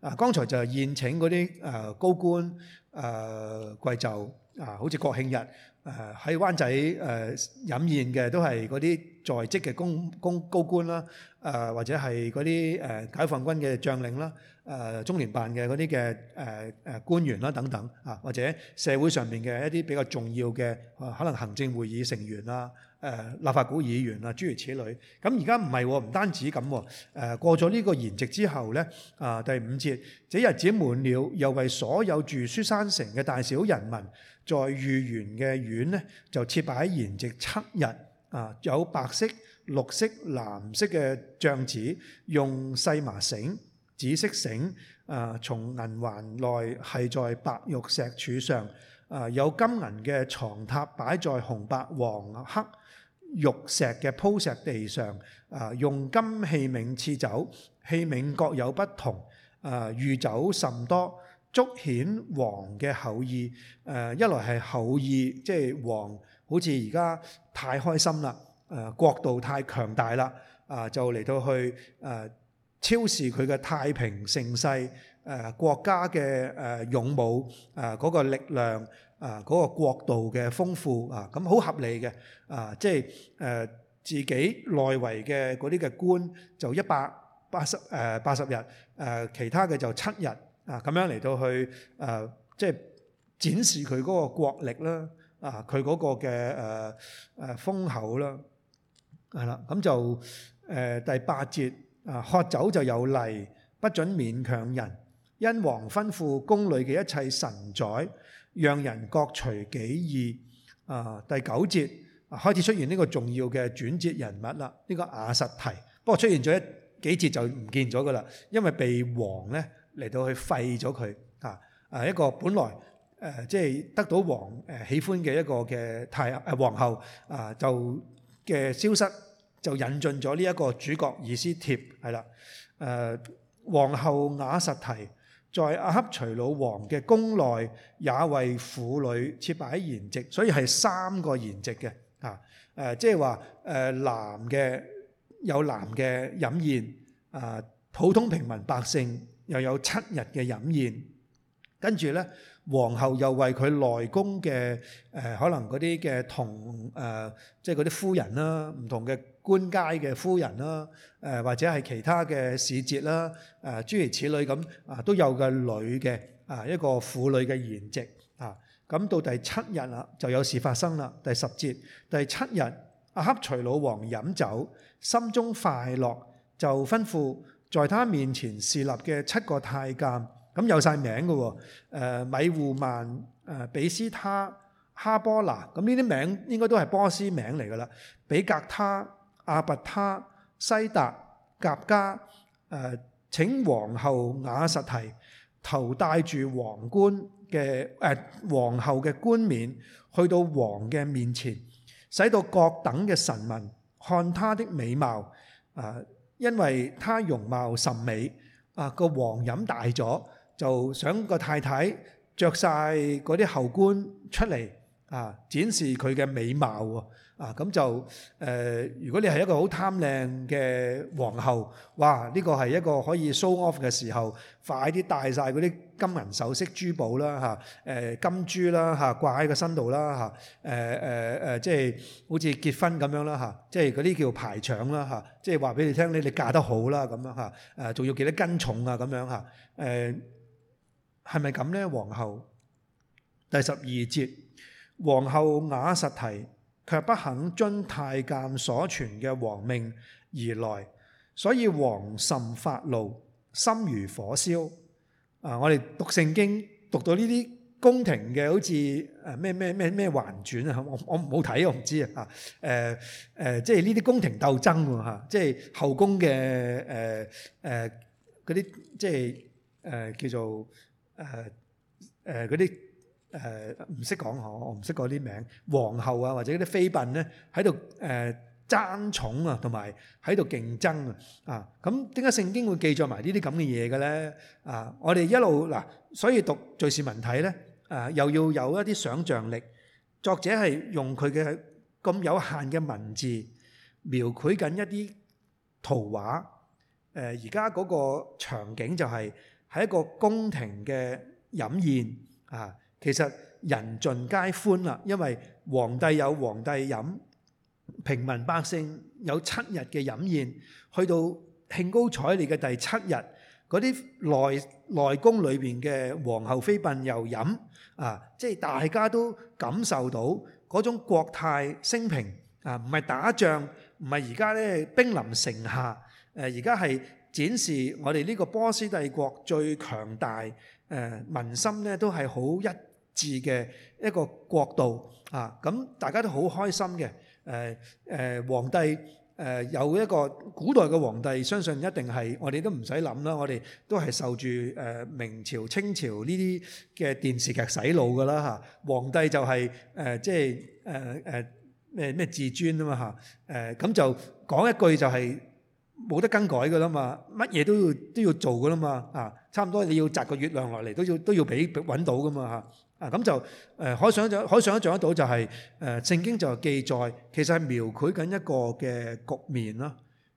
Speaker 1: 啊剛才就宴請嗰啲誒高官誒貴胄啊，好似國慶日誒喺灣仔誒飲宴嘅都係嗰啲在職嘅公公高官啦，誒或者係嗰啲誒解放軍嘅將領啦。誒中聯辦嘅嗰啲嘅誒官員啦等等啊，或者社會上面嘅一啲比較重要嘅，可能行政會議成員啦、誒立法股議員啦，諸如此類。咁而家唔係喎，唔單止咁喎。誒過咗呢個筵席之後呢，啊第五節，這日子滿了，又為所有住書珊城嘅大小人民，在御園嘅院呢，就設擺筵席七日。啊，有白色、綠色、藍色嘅帳子，用細麻繩。紫色繩，啊，從銀環內係在白玉石柱上，啊，有金銀嘅床榻擺在紅白黃黑玉石嘅鋪石地上，啊，用金器皿賜酒，器皿各有不同，啊，御酒甚多，足顯王嘅厚意。誒，一來係厚意，即係王，好似而家太開心啦，誒，國度太強大啦，啊，就嚟到去誒。超視佢嘅太平盛世，誒國家嘅誒勇武，誒嗰個力量，誒嗰個國度嘅豐富啊，咁好合理嘅，啊，即係誒自己內圍嘅嗰啲嘅官就一百八十誒八十日，誒其他嘅就七日啊，咁樣嚟到去誒即係展示佢嗰個國力啦，啊佢嗰個嘅誒誒豐厚啦，係啦，咁就誒第八節。啊，喝酒就有例，不准勉強人。因王吩咐宮裏嘅一切臣宰，讓人各隨己意。啊，第九節開始出現呢個重要嘅轉折人物啦。呢、這個亞實提，不過出現咗一幾節就唔見咗㗎喇，因為被王咧嚟到去廢咗佢。嚇，啊一個本來誒即係得到王誒、呃、喜歡嘅一個嘅太、呃、皇后啊、呃，就嘅消失。就引進咗呢一個主角以，以斯帖係啦。誒、呃，皇后雅實提在阿克隨魯王嘅宮內，也為婦女設擺筵席，所以係三個筵席嘅嚇。誒、啊呃，即係話誒男嘅有男嘅飲宴，啊普通平民百姓又有七日嘅飲宴，跟住呢。皇后又為佢內宮嘅可能嗰啲嘅同、呃、即係嗰啲夫人啦，唔、啊、同嘅官階嘅夫人啦、啊，或者係其他嘅使節啦，誒、啊、諸如此類咁啊，都有個女嘅啊一個婦女嘅筵席啊。咁到第七日啦，就有事發生啦。第十節第七日，亞哈隨魯王飲酒，心中快樂，就吩咐在他面前侍立嘅七個太監。咁有晒名嘅喎，米胡曼、比斯他、哈波拿，咁呢啲名應該都係波斯名嚟㗎啦。比格他、阿拔他、西達、甲加，誒、呃、請皇后瓦實提，頭戴住皇冠嘅誒、呃、皇后嘅冠冕，去到王嘅面前，使到各等嘅臣民看她的美貌，呃、因為她容貌甚美，啊個王飲大咗。就想個太太着晒嗰啲后冠出嚟啊，展示佢嘅美貌喎啊！咁、啊、就誒、呃，如果你係一個好貪靚嘅皇后，哇！呢、這個係一個可以 show off 嘅時候，快啲戴晒嗰啲金銀首飾、珠寶啦嚇，金珠啦嚇掛喺個身度啦嚇，誒、啊啊呃呃、即係好似結婚咁樣啦、啊、即係嗰啲叫排場啦、啊、即係話俾你聽，你你嫁得好啦咁樣嚇，仲、啊啊、要幾多斤重啊咁樣、啊呃係咪咁咧？皇后第十二節，皇后瓦實提卻不肯遵太監所傳嘅皇命而來，所以王甚發怒，心如火燒。啊！我哋讀聖經讀到呢啲宮廷嘅，好似誒咩咩咩咩嬛傳？啊！我我冇睇，我唔知啊。誒、啊、誒、啊，即係呢啲宮廷鬥爭吓、啊，即係後宮嘅誒誒嗰啲，即係誒、啊、叫做。誒誒嗰啲誒唔識講嗬，我唔識嗰啲名皇后啊，或者啲妃嬪咧，喺度誒爭寵啊，同埋喺度競爭啊。啊，咁點解聖經會記載埋呢啲咁嘅嘢嘅咧？啊，我哋一路嗱，所以讀敘事文體咧，誒又要有一啲想像力。作者係用佢嘅咁有限嘅文字描繪緊一啲圖畫。誒而家嗰個場景就係、是。係一個宮廷嘅飲宴啊！其實人盡皆歡啦，因為皇帝有皇帝飲，平民百姓有七日嘅飲宴。去到興高采烈嘅第七日，嗰啲內內宮裏邊嘅皇后妃嬪又飲啊！即係大家都感受到嗰種國泰昇平啊！唔係打仗，唔係而家咧兵臨城下，誒而家係。展示我哋呢個波斯帝國最強大誒民心呢，都係好一致嘅一個國度嚇。咁大家都好開心嘅誒誒，皇帝誒有一個古代嘅皇帝，相信一定係我哋都唔使諗啦。我哋都係受住誒明朝、清朝呢啲嘅電視劇洗腦㗎啦嚇。皇帝就係誒即係誒誒咩咩自尊啊嘛嚇誒，咁就講一句就係。冇得更改噶啦嘛，乜嘢都要都要做噶啦嘛，啊，差唔多你要摘個月亮落嚟都要都要俾揾到噶嘛嚇，啊咁就誒可想像可想像得到就係誒聖經就記載其實係描繪緊一個嘅局面咯，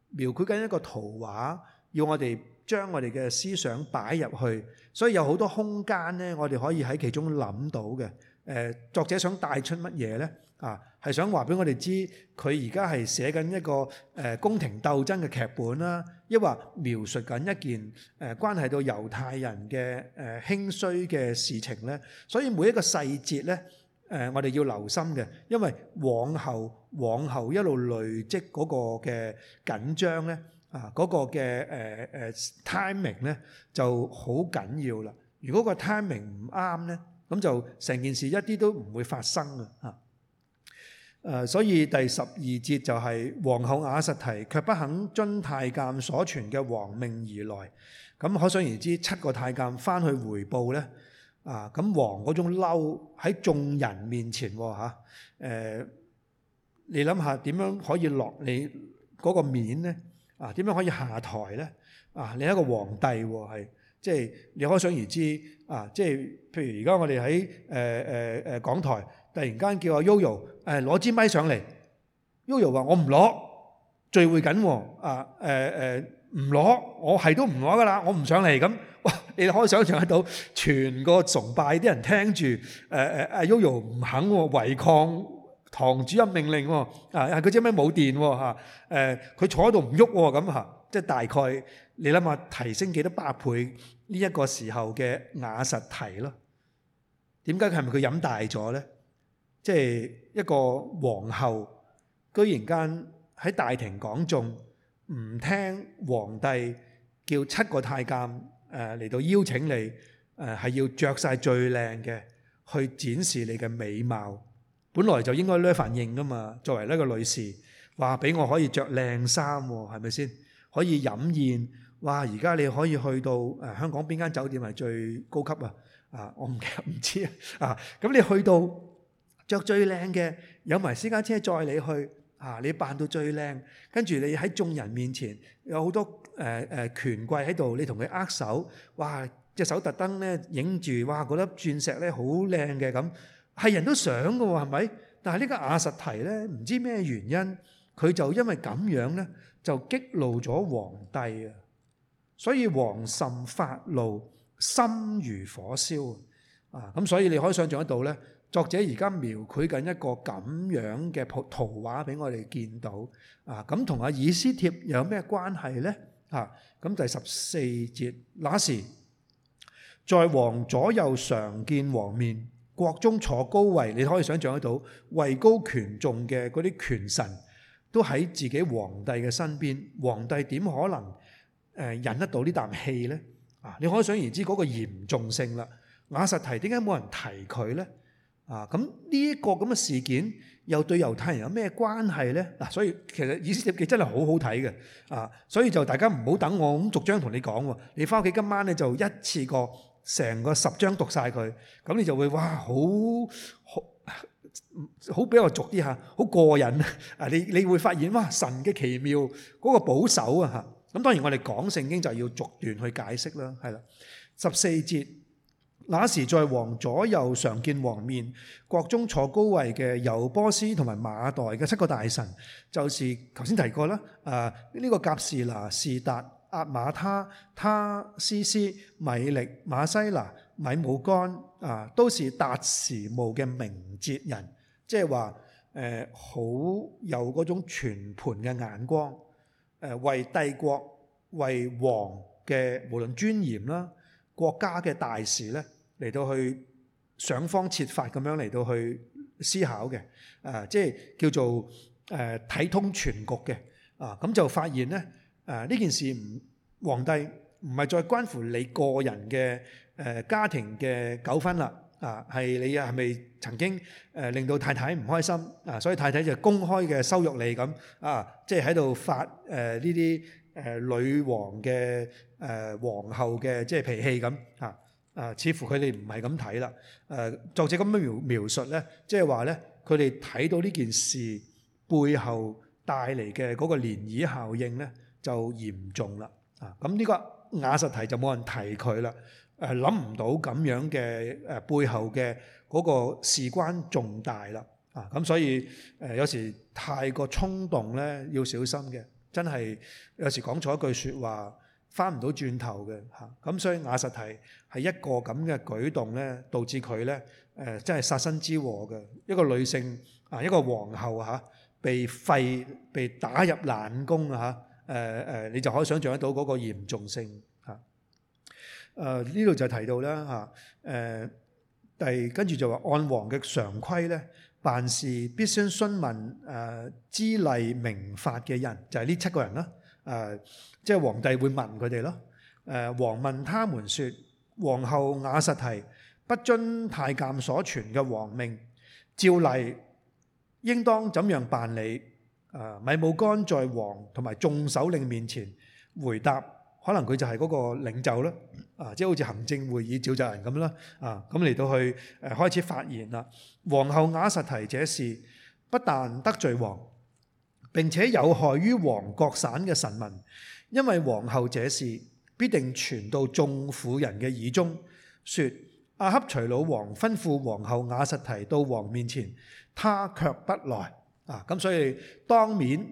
Speaker 1: 描繪緊一個圖畫，要我哋將我哋嘅思想擺入去，所以有好多空間咧，我哋可以喺其中諗到嘅，誒作者想帶出乜嘢咧？啊，係想話俾我哋知，佢而家係寫緊一個誒宮廷鬥爭嘅劇本啦，抑或描述緊一件誒關係到猶太人嘅誒興衰嘅事情咧。所以每一個細節咧，誒我哋要留心嘅，因為往後往後一路累積嗰個嘅緊張咧，啊嗰個嘅誒誒 timing 咧就好緊要啦。如果個 timing 唔啱咧，咁就成件事一啲都唔會發生嘅嚇。誒，所以第十二節就係皇后瓦實提卻不肯遵太監所傳嘅皇命而來。咁可想而知，七個太監翻去回報呢。啊，咁王嗰種嬲喺眾人面前喎嚇。你諗下點樣可以落你嗰個面呢？啊，點樣可以下台呢？啊，你係一個皇帝喎，係即係你可想而知。啊，即係譬如而家我哋喺誒誒誒港台。突然間叫阿 Yoyo 誒攞支咪上嚟，Yoyo 話：我唔攞，聚會緊喎。啊誒誒，唔、呃、攞、呃，我係都唔攞㗎啦，我唔上嚟。咁哇，你可以想象得到，全個崇拜啲人聽住誒誒阿 Yoyo 唔肯喎、哦，違抗堂主任命令喎、哦。啊，佢支咪冇電喎、哦、嚇？佢、啊、坐喺度唔喐喎咁嚇，即係大概你諗下提升幾多百倍呢一個時候嘅雅實題咯？點解佢係咪佢飲大咗咧？即係一個皇后，居然間喺大庭廣眾唔聽皇帝叫七個太監誒嚟到邀請你誒，係要著曬最靚嘅去展示你嘅美貌。本來就應該呢反應㗎嘛，作為呢個女士，話俾我可以著靚衫喎，係咪先？可以飲宴。哇！而家你可以去到誒香港邊間酒店係最高級啊？啊，我唔唔知啊。啊，咁你去到。着最靚嘅，有埋私家車載你去，啊你扮到最靚，跟住你喺眾人面前有好多誒誒權貴喺度，你同佢握手，哇，隻手特登咧影住，哇，嗰粒鑽石咧好靚嘅咁，係人都想㗎喎，係咪？但係呢個亞實提咧唔知咩原因，佢就因為咁樣咧就激怒咗皇帝啊，所以王甚發怒，心如火燒啊，啊咁所以你可以想像得到咧。作者而家描繪緊一個咁樣嘅圖畫俾我哋見到，啊，咁同阿以斯帖有咩關係咧？啊，咁第十四節，那時在王左右常見王面，國中坐高位，你可以想象得到位高權重嘅嗰啲權臣都喺自己皇帝嘅身邊，皇帝點可能誒忍得到呢啖氣咧？啊，你可以想而知嗰個嚴重性啦。瓦實提點解冇人提佢咧？啊，咁呢一個咁嘅事件又對猶太人有咩關係咧？嗱，所以其實《以斯帖記》真係好好睇嘅，啊，所以就大家唔好等我咁逐章同你講喎。你返屋企今晚咧就一次過成個十章讀晒佢，咁你就會哇好好好比較逐啲嚇，好過癮啊！你你會發現哇，神嘅奇妙嗰個保守啊嚇。咁當然我哋講聖經就要逐段去解釋啦，係啦，十四節。那時在王左右常見王面，國中坐高位嘅有波斯同埋馬代嘅七個大臣，就是頭先提過啦。呢、啊這個甲士拿士達、阿、啊、馬他、他斯斯、米力、馬西拿、米姆干啊，都是達時務嘅明哲人，即係話好有嗰種全盤嘅眼光，誒、呃、為帝國、為王嘅無論尊嚴啦、國家嘅大事呢。嚟到去想方設法咁樣嚟到去思考嘅，啊，即係叫做誒睇通全局嘅，啊，咁就發現咧，誒呢件事唔皇帝唔係再關乎你個人嘅誒家庭嘅糾紛啦，啊，係你係咪曾經誒令到太太唔開心啊？所以太太就公開嘅羞辱你咁，啊，即係喺度發誒呢啲誒女王嘅誒皇后嘅即係脾氣咁，嚇。啊、呃，似乎佢哋唔係咁睇啦。誒、呃，作者咁樣描描述呢，即係話呢，佢哋睇到呢件事背後帶嚟嘅嗰個漣漪效應呢，就嚴重啦。啊，咁、這、呢個亞實題就冇人提佢啦。誒、啊，諗唔到咁樣嘅誒、呃、背後嘅嗰個事關重大啦。啊，咁、啊、所以誒、呃、有時太過衝動呢，要小心嘅。真係有時講錯一句説話。翻唔到轉頭嘅嚇，咁所以瓦實提係一個咁嘅舉動咧，導致佢咧誒，真係殺身之禍嘅一個女性啊，一個皇后嚇，被廢被打入冷宮嚇，誒誒，你就可以想象得到嗰個嚴重性嚇。誒呢度就提到啦嚇，誒第跟住就話按王嘅常規咧，辦事必須詢問誒知例明法嘅人，就係呢七個人啦。誒，即係皇帝會問佢哋咯。誒，王問他們，説皇后瓦實提不遵太監所傳嘅王命，照例應當怎樣辦理？誒，米母干在王同埋眾首領面前回答，可能佢就係嗰個領袖啦。啊，即係好似行政會議召集人咁啦。啊，咁嚟到去誒開始發言啦。皇后瓦實提這事不但得罪王，並且有害於王各省嘅臣民，因為皇后這事必定傳到眾婦人嘅耳中，說亞哈隨魯王吩咐皇后亞實提到王面前，他卻不來啊！咁所以當面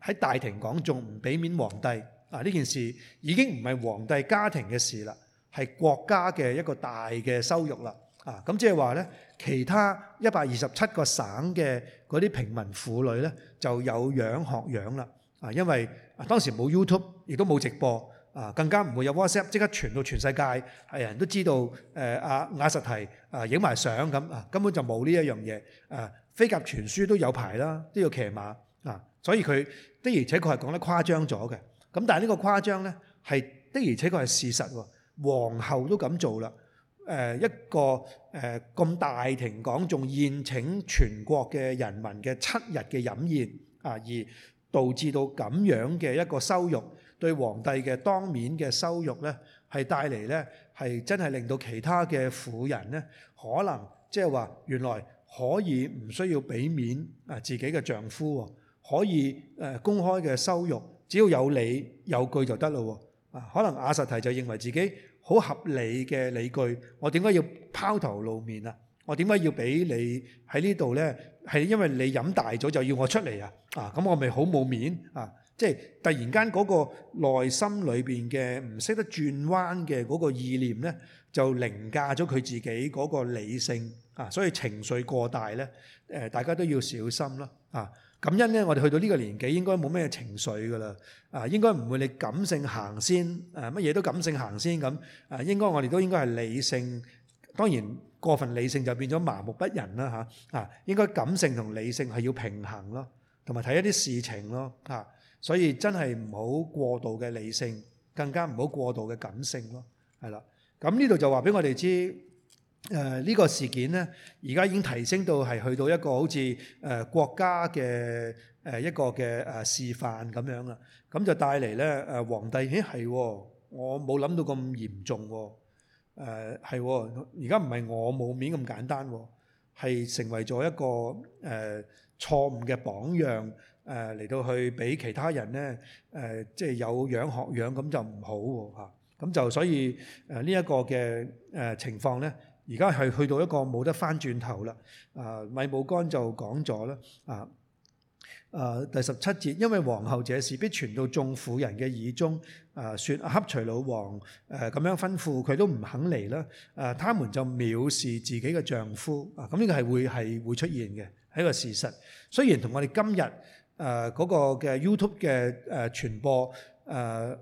Speaker 1: 喺大庭廣眾唔俾面皇帝啊，呢件事已經唔係皇帝家庭嘅事啦，係國家嘅一個大嘅羞辱啦。啊，咁即係話呢，其他一百二十七個省嘅嗰啲平民婦女呢，就有樣學樣啦。啊，因為啊當時冇 YouTube，亦都冇直播，啊更加唔會有 WhatsApp 即刻傳到全世界，係人都知道。誒阿瓦實提啊影埋相咁啊，根本就冇呢一樣嘢。啊飛鴿傳書都有排啦，都要騎馬啊，所以佢的而且確係講得誇張咗嘅。咁但係呢個誇張呢，係的而且確係事實喎，皇后都咁做啦。誒、呃、一個誒咁、呃、大庭廣眾宴請全國嘅人民嘅七日嘅飲宴啊，而導致到咁樣嘅一個羞辱，對皇帝嘅當面嘅羞辱呢，係帶嚟呢，係真係令到其他嘅婦人呢，可能，即係話原來可以唔需要俾面啊自己嘅丈夫，可以誒公開嘅羞辱，只要有理有據就得咯。啊，可能亞實提就認為自己。好合理嘅理據，我點解要拋頭露面啊？我點解要俾你喺呢度呢？係因為你飲大咗就要我出嚟啊！啊，咁我咪好冇面啊？即係突然間嗰個內心裏面嘅唔識得轉彎嘅嗰個意念呢，就凌駕咗佢自己嗰個理性啊，所以情緒過大呢，呃，大家都要小心啦啊！感恩咧，我哋去到呢個年紀應該冇咩情緒噶啦，啊應該唔會你感性行先，啊乜嘢都感性行先咁，啊應該我哋都應該係理性，當然過分理性就變咗麻木不仁啦嚇，啊應該感性同理性係要平衡咯，同埋睇一啲事情咯嚇，所以真係唔好過度嘅理性，更加唔好過度嘅感性咯，係啦，咁呢度就話俾我哋知。誒、這、呢個事件呢，而家已經提升到係去到一個好似誒國家嘅誒一個嘅誒示範咁樣啦。咁就帶嚟呢，誒皇帝，咦係，我冇諗到咁嚴重喎。誒係，而家唔係我冇面咁簡單喎，係成為咗一個誒錯誤嘅榜樣誒嚟到去俾其他人呢，誒即係有樣學樣咁就唔好嚇。咁就所以誒呢一個嘅誒情況呢。而家係去到一個冇得翻轉頭啦！啊，米母干就講咗啦，啊，啊第十七節，因為皇后者，事必傳到眾婦人嘅耳中，啊，説亞哈隨魯王誒咁樣吩咐，佢都唔肯嚟啦。啊，他們就藐視自己嘅丈夫。啊，咁呢個係會係會出現嘅，係一個事實。雖然同我哋今日誒嗰個嘅 YouTube 嘅誒傳播，誒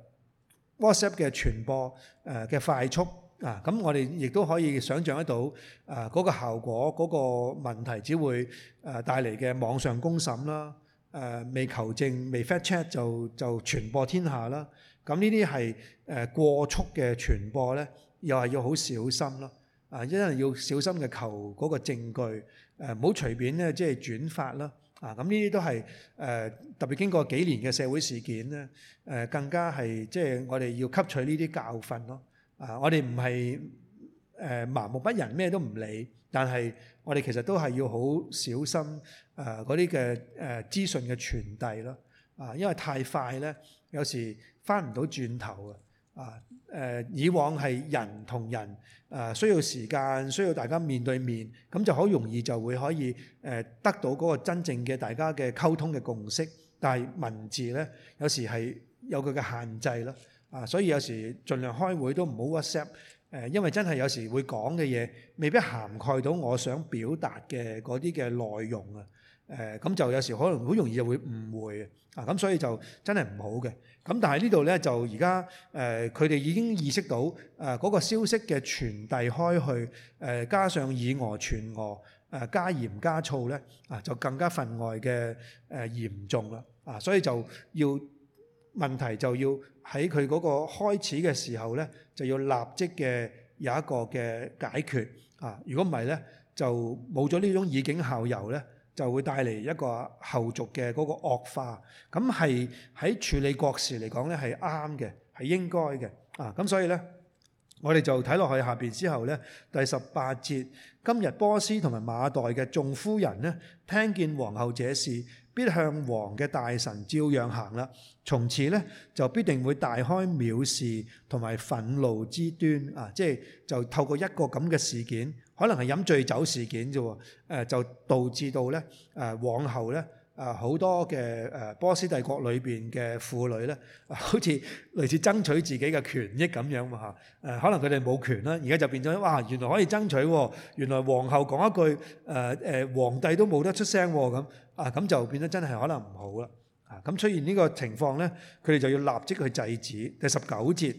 Speaker 1: WhatsApp 嘅傳播誒嘅快速。啊，咁我哋亦都可以想象得到，誒嗰個效果、嗰個問題只會誒帶嚟嘅網上公審啦，誒未求證、未 fact check 就就傳播天下啦。咁呢啲係誒過速嘅傳播咧，又係要好小心咯。啊，因為要小心嘅求嗰個證據，誒唔好隨便咧即係轉發啦。啊，咁呢啲都係誒特別經過幾年嘅社會事件咧，誒更加係即係我哋要吸取呢啲教訓咯。啊！我哋唔係誒麻木不仁，咩都唔理，但係我哋其實都係要好小心誒嗰啲嘅誒資訊嘅傳遞咯。啊，因為太快咧，有時翻唔到轉頭啊！誒、啊、以往係人同人誒、啊、需要時間，需要大家面對面，咁就好容易就會可以誒得到嗰個真正嘅大家嘅溝通嘅共識。但係文字咧，有時係有佢嘅限制咯。啊，所以有時盡量開會都唔好 WhatsApp，誒，因為真係有時會講嘅嘢未必涵蓋到我想表達嘅嗰啲嘅內容啊，誒，咁就有時可能好容易就會誤會啊，咁所以就真係唔好嘅。咁但係呢度呢，就而家誒，佢哋已經意識到誒嗰、呃那個消息嘅傳遞開去，誒、呃、加上以訛傳訛，誒、呃、加鹽加醋呢，啊、呃、就更加分外嘅誒、呃、嚴重啦，啊、呃，所以就要問題就要。喺佢嗰個開始嘅時候呢，就要立即嘅有一個嘅解決啊！如果唔係呢，就冇咗呢種以儆效尤呢，就會帶嚟一個後續嘅嗰個惡化。咁係喺處理國事嚟講呢，係啱嘅，係應該嘅啊！咁所以呢，我哋就睇落去下邊之後呢，第十八節，今日波斯同埋馬代嘅眾夫人呢，聽見皇后這事，必向王嘅大臣照樣行啦，從此咧就必定會大開藐視同埋憤怒之端啊！即係就透過一個咁嘅事件，可能係飲醉酒事件啫喎，誒就導致到咧誒皇后咧誒好多嘅誒波斯帝國裏邊嘅婦女咧，好似類似爭取自己嘅權益咁樣喎嚇誒，可能佢哋冇權啦，而家就變咗哇，原來可以爭取，原來皇后講一句誒誒，皇帝都冇得出聲咁。啊，咁就變得真係可能唔好啦。啊，咁出現呢個情況咧，佢哋就要立即去制止。第十九節，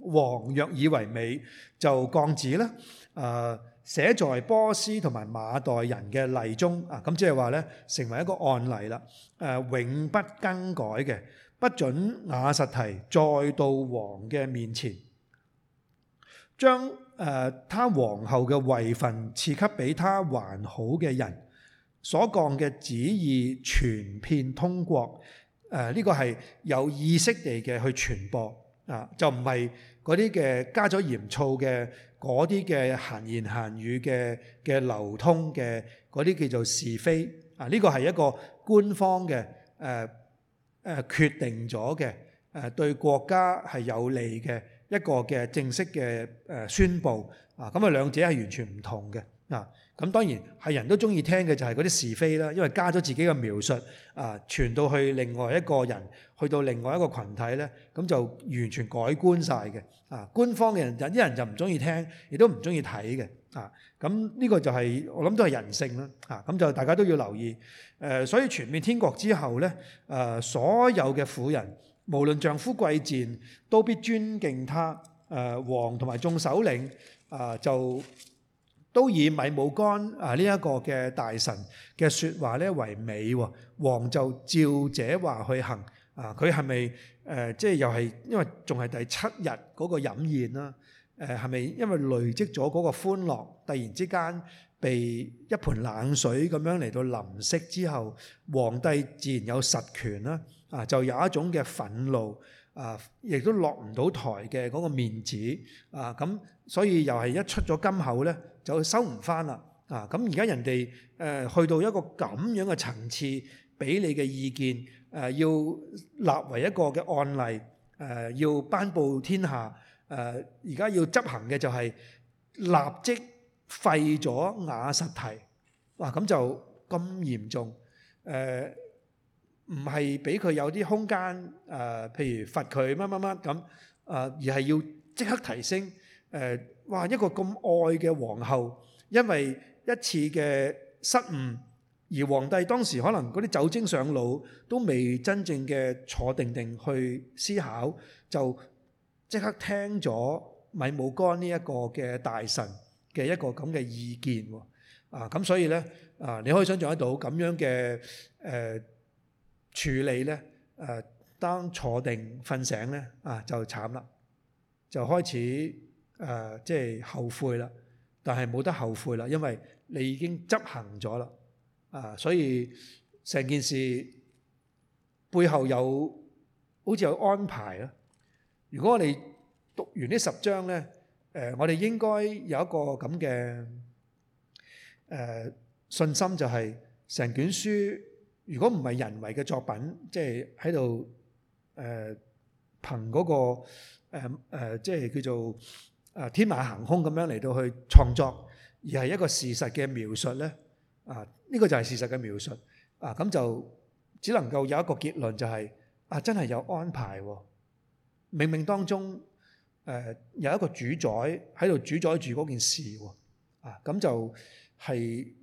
Speaker 1: 王若以為美，就降旨咧。誒，寫在波斯同埋馬代人嘅例中。啊，咁即係話咧，成為一個案例啦。誒，永不更改嘅，不准瓦實提再到王嘅面前，將誒他皇后嘅位份賜給比他還好嘅人。所講嘅旨意傳遍通國，誒、呃、呢、這個係有意識地嘅去傳播啊，就唔係嗰啲嘅加咗鹽醋嘅嗰啲嘅閒言閒語嘅嘅流通嘅嗰啲叫做是非啊，呢、這個係一個官方嘅誒誒決定咗嘅誒對國家係有利嘅一個嘅正式嘅誒宣佈啊，咁啊兩者係完全唔同嘅。啊，咁當然係人都中意聽嘅就係嗰啲是非啦，因為加咗自己嘅描述啊，傳到去另外一個人，去到另外一個群體咧，咁、嗯、就完全改觀晒嘅。啊，官方嘅人有啲人就唔中意聽，亦都唔中意睇嘅。啊，咁、啊、呢、呢個就係、是、我諗都係人性啦。啊，咁、啊、就大家都要留意。誒、啊，所以全面天國之後咧，誒、啊、所有嘅婦人，無論丈夫貴賤，都必尊敬他。誒、啊、王同埋眾首領啊就。都以米母干啊呢一個嘅大臣嘅說話咧為美，王就照這話去行啊！佢係咪誒即係又係因為仲係第七日嗰個飲宴啦？誒係咪因為累積咗嗰個歡樂，突然之間被一盆冷水咁樣嚟到淋熄之後，皇帝自然有實權啦啊！就有一種嘅憤怒啊，亦都落唔到台嘅嗰個面子啊！咁所以又係一出咗金口咧。就收唔翻啦啊！咁而家人哋誒去到一個咁樣嘅層次，俾你嘅意見誒，要立為一個嘅案例誒，要頒佈天下誒。而家要執行嘅就係立即廢咗瓦實提。哇！咁就咁嚴重誒，唔係俾佢有啲空間誒，譬如罰佢乜乜乜咁啊，而係要即刻提升誒。哇！一個咁愛嘅皇后，因為一次嘅失誤，而皇帝當時可能嗰啲酒精上腦，都未真正嘅坐定定去思考，就即刻聽咗米母干呢一個嘅大臣嘅一個咁嘅意見喎。啊咁，所以呢啊，你可以想象得到咁樣嘅誒處理呢。誒，當坐定瞓醒呢啊，就慘啦，就開始。誒，即係後悔啦，但係冇得後悔啦，因為你已經執行咗啦，啊，所以成件事背後有好似有安排啦。如果我哋讀完呢十章咧，誒，我哋應該有一個咁嘅誒信心，就係成卷書，如果唔係人為嘅作品，即係喺度誒憑嗰個誒誒，即係叫做。啊，天馬行空咁樣嚟到去創作，而係一個事實嘅描述呢。啊，呢、這個就係事實嘅描述。啊，咁就只能夠有一個結論，就是，就係啊，真係有安排喎，啊。冥冥當中，誒、啊、有一個主宰喺度主宰住嗰件事喎，啊。啊，咁就係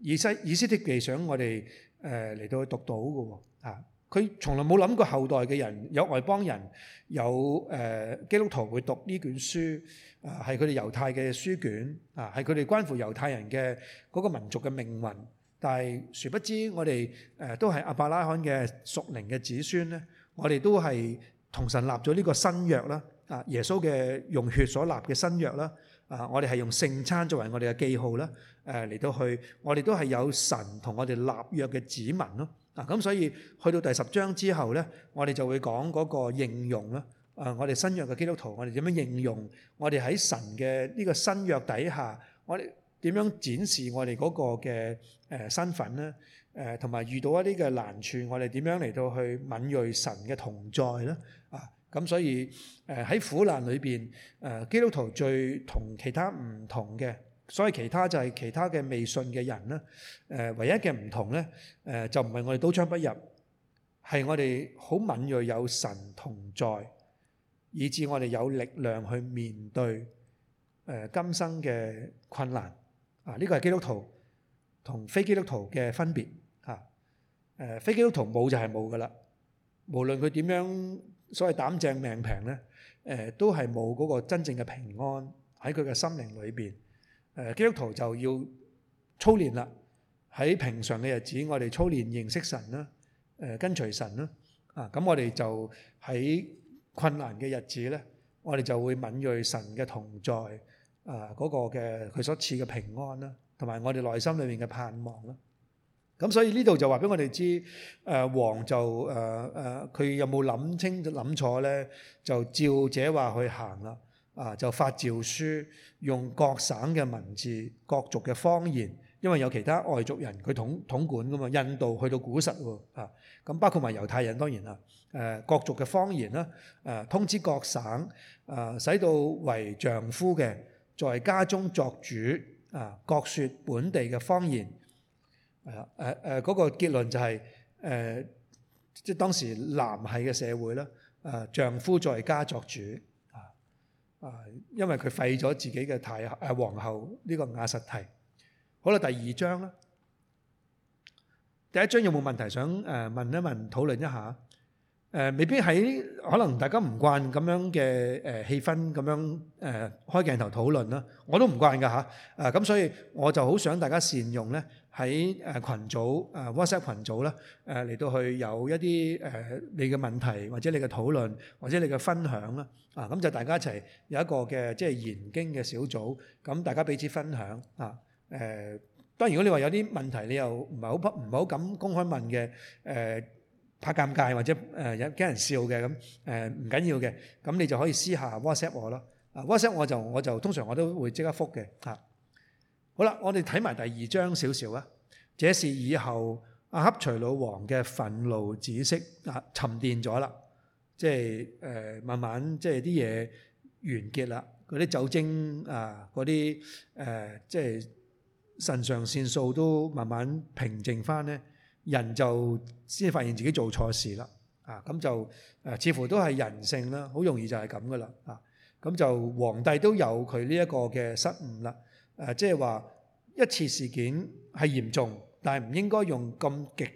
Speaker 1: 以西以斯帖記想我哋誒嚟到去讀到嘅喎，啊。啊。佢從來冇諗過後代嘅人，有外邦人，有誒基督徒會讀呢卷書啊，係佢哋猶太嘅書卷啊，係佢哋關乎猶太人嘅嗰個民族嘅命運。但係殊不知我哋誒都係亞伯拉罕嘅屬靈嘅子孫咧，我哋都係同神立咗呢個新約啦啊，耶穌嘅用血所立嘅新約啦啊，我哋係用聖餐作為我哋嘅記號啦誒嚟到去，我哋都係有神同我哋立約嘅子民咯。嗱咁所以去到第十章之後呢，我哋就會講嗰個應用啦。啊，我哋新約嘅基督徒，我哋點樣應用？我哋喺神嘅呢個新約底下，我哋點樣展示我哋嗰個嘅誒身份呢？誒同埋遇到一啲嘅難處，我哋點樣嚟到去敏銳神嘅同在呢？啊咁所以誒喺苦難裏邊，誒基督徒最同其他唔同嘅。所以其他就係其他嘅未信嘅人咧，誒唯一嘅唔同咧，誒就唔係我哋刀槍不入，係我哋好敏銳，有神同在，以致我哋有力量去面對誒今生嘅困難。啊，呢個係基督徒同非基督徒嘅分別嚇。誒，非基督徒冇就係冇㗎喇，無論佢點樣所謂膽正命平咧，誒都係冇嗰個真正嘅平安喺佢嘅心靈裏邊。誒基督徒就要操練啦，喺平常嘅日子，我哋操練認識神啦，誒跟隨神啦，啊咁我哋就喺困難嘅日子咧，我哋就會敏鋭神嘅同在啊，嗰個嘅佢所賜嘅平安啦，同埋我哋內心裏面嘅盼望啦。咁所以呢度就話俾我哋知，誒王就誒誒佢有冇諗清諗楚咧，就照者話去行啦。啊！就發詔書，用各省嘅文字、各族嘅方言，因為有其他外族人佢統統管㗎嘛。印度去到古實喎，啊！咁包括埋猶太人當然啦。誒、啊，各族嘅方言啦，誒、啊、通知各省，誒、啊、使到為丈夫嘅在家中作主，啊，各說本地嘅方言。係啊，誒誒嗰個結論就係、是、誒，即、啊、係、就是、當時男系嘅社會啦，誒、啊、丈夫在家作主。啊，因為佢廢咗自己嘅太啊皇后呢個瓦實提，好啦，第二章啦。第一章有冇問題想誒問一問討論一下誒、呃？未必喺可能大家唔慣咁樣嘅誒氣氛咁樣誒、呃、開鏡頭討論啦，我都唔慣㗎吓。誒、呃、咁所以我就好想大家善用咧。喺誒羣組啊 WhatsApp 群組啦，誒嚟到去有一啲誒、呃、你嘅問題或者你嘅討論或者你嘅分享啦，啊咁就大家一齊有一個嘅即係研經嘅小組，咁大家彼此分享啊誒，當然如果你話有啲問題你又唔係好不唔好敢公開問嘅誒、啊，怕尷尬或者誒有驚人笑嘅咁誒唔緊要嘅，咁你就可以私下 WhatsApp 我咯，啊 WhatsApp 我就我就通常我都會即刻覆嘅嚇。啊好啦，我哋睇埋第二章少少啦。這是以後亞哈隨魯王嘅憤怒止息啊，沉澱咗啦，即係、呃、慢慢即係啲嘢完結啦。嗰啲酒精啊，嗰啲、呃、即係腎上腺素都慢慢平靜翻咧，人就先發現自己做錯事啦。啊咁就、呃、似乎都係人性啦，好容易就係咁噶啦。啊咁就皇帝都有佢呢一個嘅失誤啦。誒、啊，即係話一次事件係嚴重，但係唔應該用咁極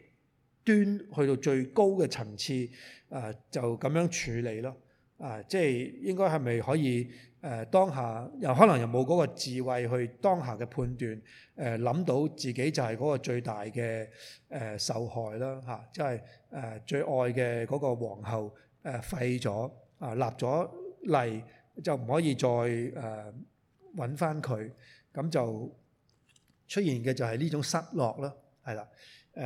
Speaker 1: 端去到最高嘅層次，誒、啊、就咁樣處理咯。誒、啊，即係應該係咪可以誒、啊、當下又可能又冇嗰個智慧去當下嘅判斷，誒、啊、諗到自己就係嗰個最大嘅誒、啊、受害啦嚇，即係誒最愛嘅嗰個皇后誒、啊、廢咗啊，立咗例就唔可以再誒搵返佢。啊。咁就出現嘅就係呢種失落啦，係啦。誒，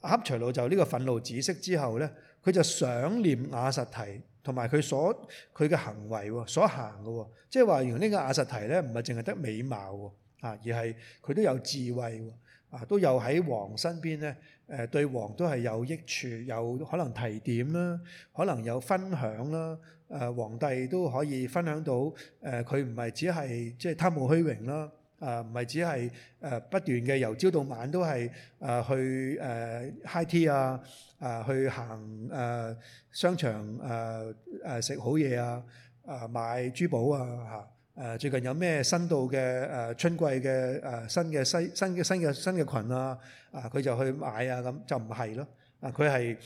Speaker 1: 亞哈隨魯就呢個憤怒止息之後呢，佢就想念瓦實提，同埋佢所佢嘅行為喎，所行嘅喎，即係話原來呢個瓦實提呢，唔係淨係得美貌喎，啊，而係佢都有智慧喎，啊，都有喺王身邊呢、啊。對王都係有益處，有可能提點啦、啊，可能有分享啦，誒、啊，皇帝都可以分享到，佢唔係只係即係貪慕虛榮啦。啊、呃，唔係只係誒、呃、不斷嘅由朝到晚都係誒、呃、去誒 high tea 啊，誒去行誒商場誒誒食好嘢啊，誒買珠寶啊嚇，誒最近有咩新到嘅誒春季嘅誒、啊、新嘅西新嘅新嘅新嘅裙啊，啊佢就去買啊咁，就唔係咯，啊佢係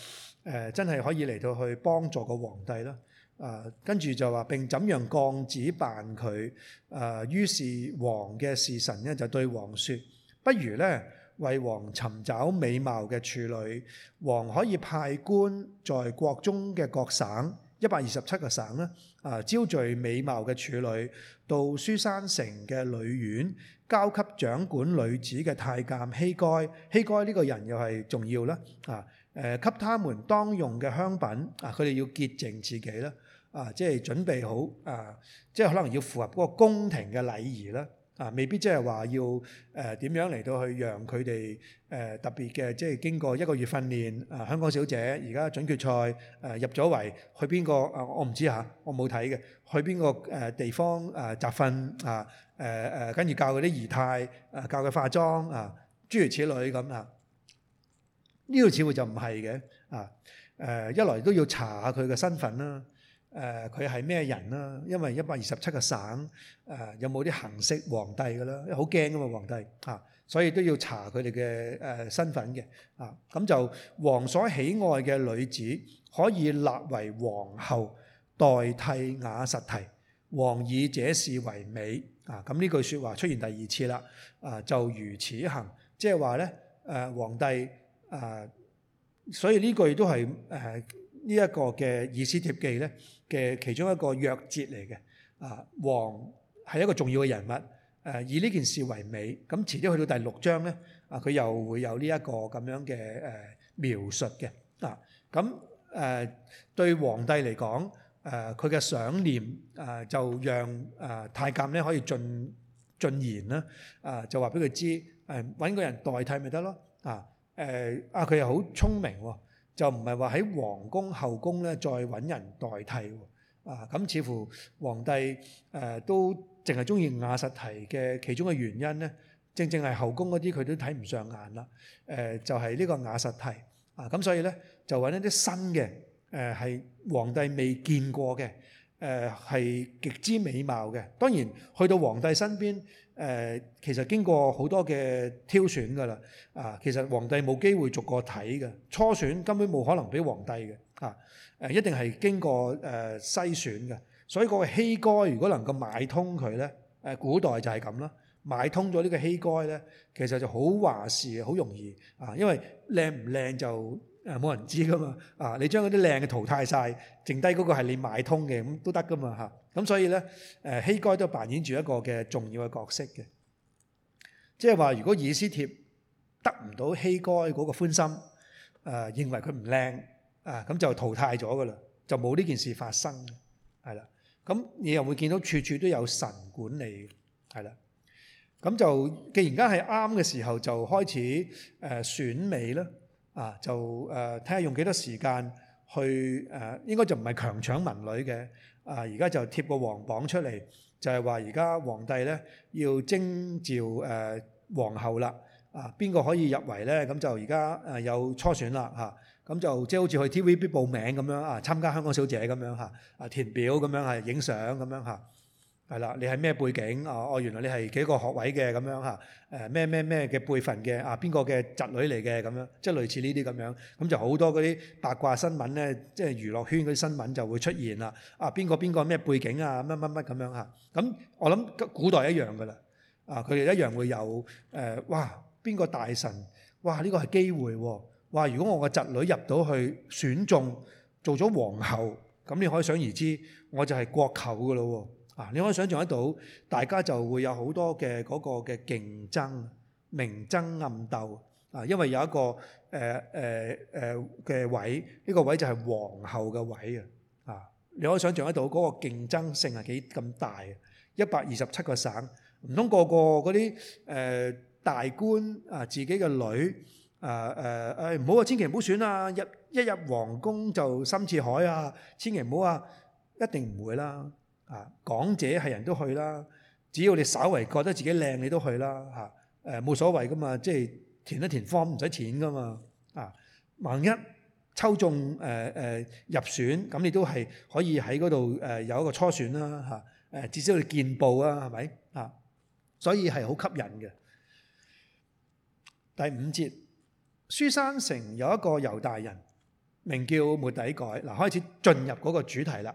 Speaker 1: 誒真係可以嚟到去幫助個皇帝咯。啊，跟住就話並怎樣降旨辦佢啊？於是王嘅侍臣呢就對王說，不如呢，為王尋找美貌嘅處女，王可以派官在國中嘅各省一百二十七個省呢啊，招聚美貌嘅處女到書珊城嘅女院，交給掌管女子嘅太監希該。希該呢個人又係重要啦啊！誒、呃，給他們當用嘅香品啊，佢哋要潔淨自己啦。啊，即係準備好啊，即係可能要符合嗰個宮廷嘅禮儀啦。啊，未必即係話要誒點、呃、樣嚟到去讓佢哋誒特別嘅，即係經過一個月訓練。啊，香港小姐而家準決賽誒、啊、入咗圍，去邊個啊？我唔知吓，我冇睇嘅。去邊個誒、啊、地方誒集訓啊？誒、啊、誒，跟住教佢啲儀態，誒、啊、教佢化妝啊，諸如此類咁啊。呢個似乎就唔係嘅啊。誒、啊、一來都要查下佢嘅身份啦。啊誒佢係咩人啦、啊？因為一百二十七個省誒、呃，有冇啲行刺皇帝嘅啦？好驚㗎嘛，皇帝嚇、啊，所以都要查佢哋嘅誒身份嘅啊。咁就王所喜愛嘅女子可以立為皇后，代替瓦實提，王以這事為美啊。咁呢句説話出現第二次啦。啊，就如此行，即係話呢，誒、呃，皇帝啊，所以呢句都係誒呢一個嘅以斯帖記呢。嘅其中一個弱節嚟嘅，啊，王係一個重要嘅人物，誒以呢件事為美，咁遲啲去到第六章呢，啊佢又會有呢一個咁樣嘅誒描述嘅，啊，咁誒對皇帝嚟講，誒佢嘅想念，誒就讓誒太監咧可以進進言啦，啊就話俾佢知，誒揾個人代替咪得咯，啊誒啊佢又好聰明喎！就唔係話喺皇宮後宮咧再揾人代替喎啊！咁似乎皇帝誒、呃、都淨係中意瓦實提嘅其中嘅原因呢，正正係後宮嗰啲佢都睇唔上眼啦。誒、呃、就係、是、呢個瓦實提啊！咁所以呢，就揾一啲新嘅誒係皇帝未見過嘅誒係極之美貌嘅，當然去到皇帝身邊。誒、呃、其實經過好多嘅挑選㗎啦，啊其實皇帝冇機會逐個睇嘅，初選根本冇可能俾皇帝嘅，啊，啊一定係經過誒篩、呃、選嘅，所以個希該如果能夠買通佢呢，啊，古代就係咁啦，買通咗呢個希該呢，其實就好話事，好容易啊，因為靚唔靚就。誒冇人知噶嘛啊！你將嗰啲靚嘅淘汰曬，剩低嗰個係你買通嘅，咁都得噶嘛嚇！咁所以咧，誒希該都扮演住一個嘅重要嘅角色嘅，即係話如果以斯帖得唔到希該嗰個歡心，誒認為佢唔靚啊，咁就淘汰咗噶啦，就冇呢件事發生嘅，係啦。咁你又會見到處處都有神管理，係啦。咁就既然而家係啱嘅時候就開始誒選美啦。啊，就誒睇下用幾多時間去誒、啊，應該就唔係強搶民女嘅。啊，而家就貼個皇榜出嚟，就係話而家皇帝呢要徵召誒皇后啦。啊，邊個、啊、可以入圍呢？咁就而家誒有初選啦嚇。咁、啊、就即係好似去 TVB 報名咁樣啊，參加香港小姐咁樣嚇啊，填表咁樣係影相咁樣、啊係啦，你係咩背景啊？哦，原來你係幾個學位嘅咁樣嚇，誒咩咩咩嘅輩分嘅啊？邊個嘅侄女嚟嘅咁樣，即係類似呢啲咁樣，咁就好多嗰啲八卦新聞咧，即係娛樂圈嗰啲新聞就會出現啦。啊，邊個邊個咩背景啊？乜乜乜咁樣嚇，咁我諗古代一樣噶啦。啊，佢哋一樣會有誒、呃，哇！邊個大臣？哇！呢、這個係機會喎、哦。哇！如果我個侄女入到去選中做咗皇后，咁你可以想而知，我就係國舅噶咯喎。啊！你可以想象得到，大家就會有好多嘅嗰個嘅競爭、明爭暗鬥啊！因為有一個誒誒誒嘅位，呢個位就係皇后嘅位啊！啊！你可以想象得到嗰個競爭性係幾咁大啊！一百二十七個省，唔通個個嗰啲誒大官啊，自己嘅女啊誒誒，唔好啊！千祈唔好選啊！一一入皇宮就深似海啊！千祈唔好啊！一定唔會啦～啊！港姐係人都去啦，只要你稍為覺得自己靚，你都去啦嚇。冇所謂噶嘛，即係填一填方唔使錢噶嘛。啊，萬一抽中入選，咁你都係可以喺嗰度有一個初選啦，至少你見報啊，係咪啊？所以係好吸引嘅。第五節，書珊城有一個猶大人名叫末底改，嗱開始進入嗰個主題啦。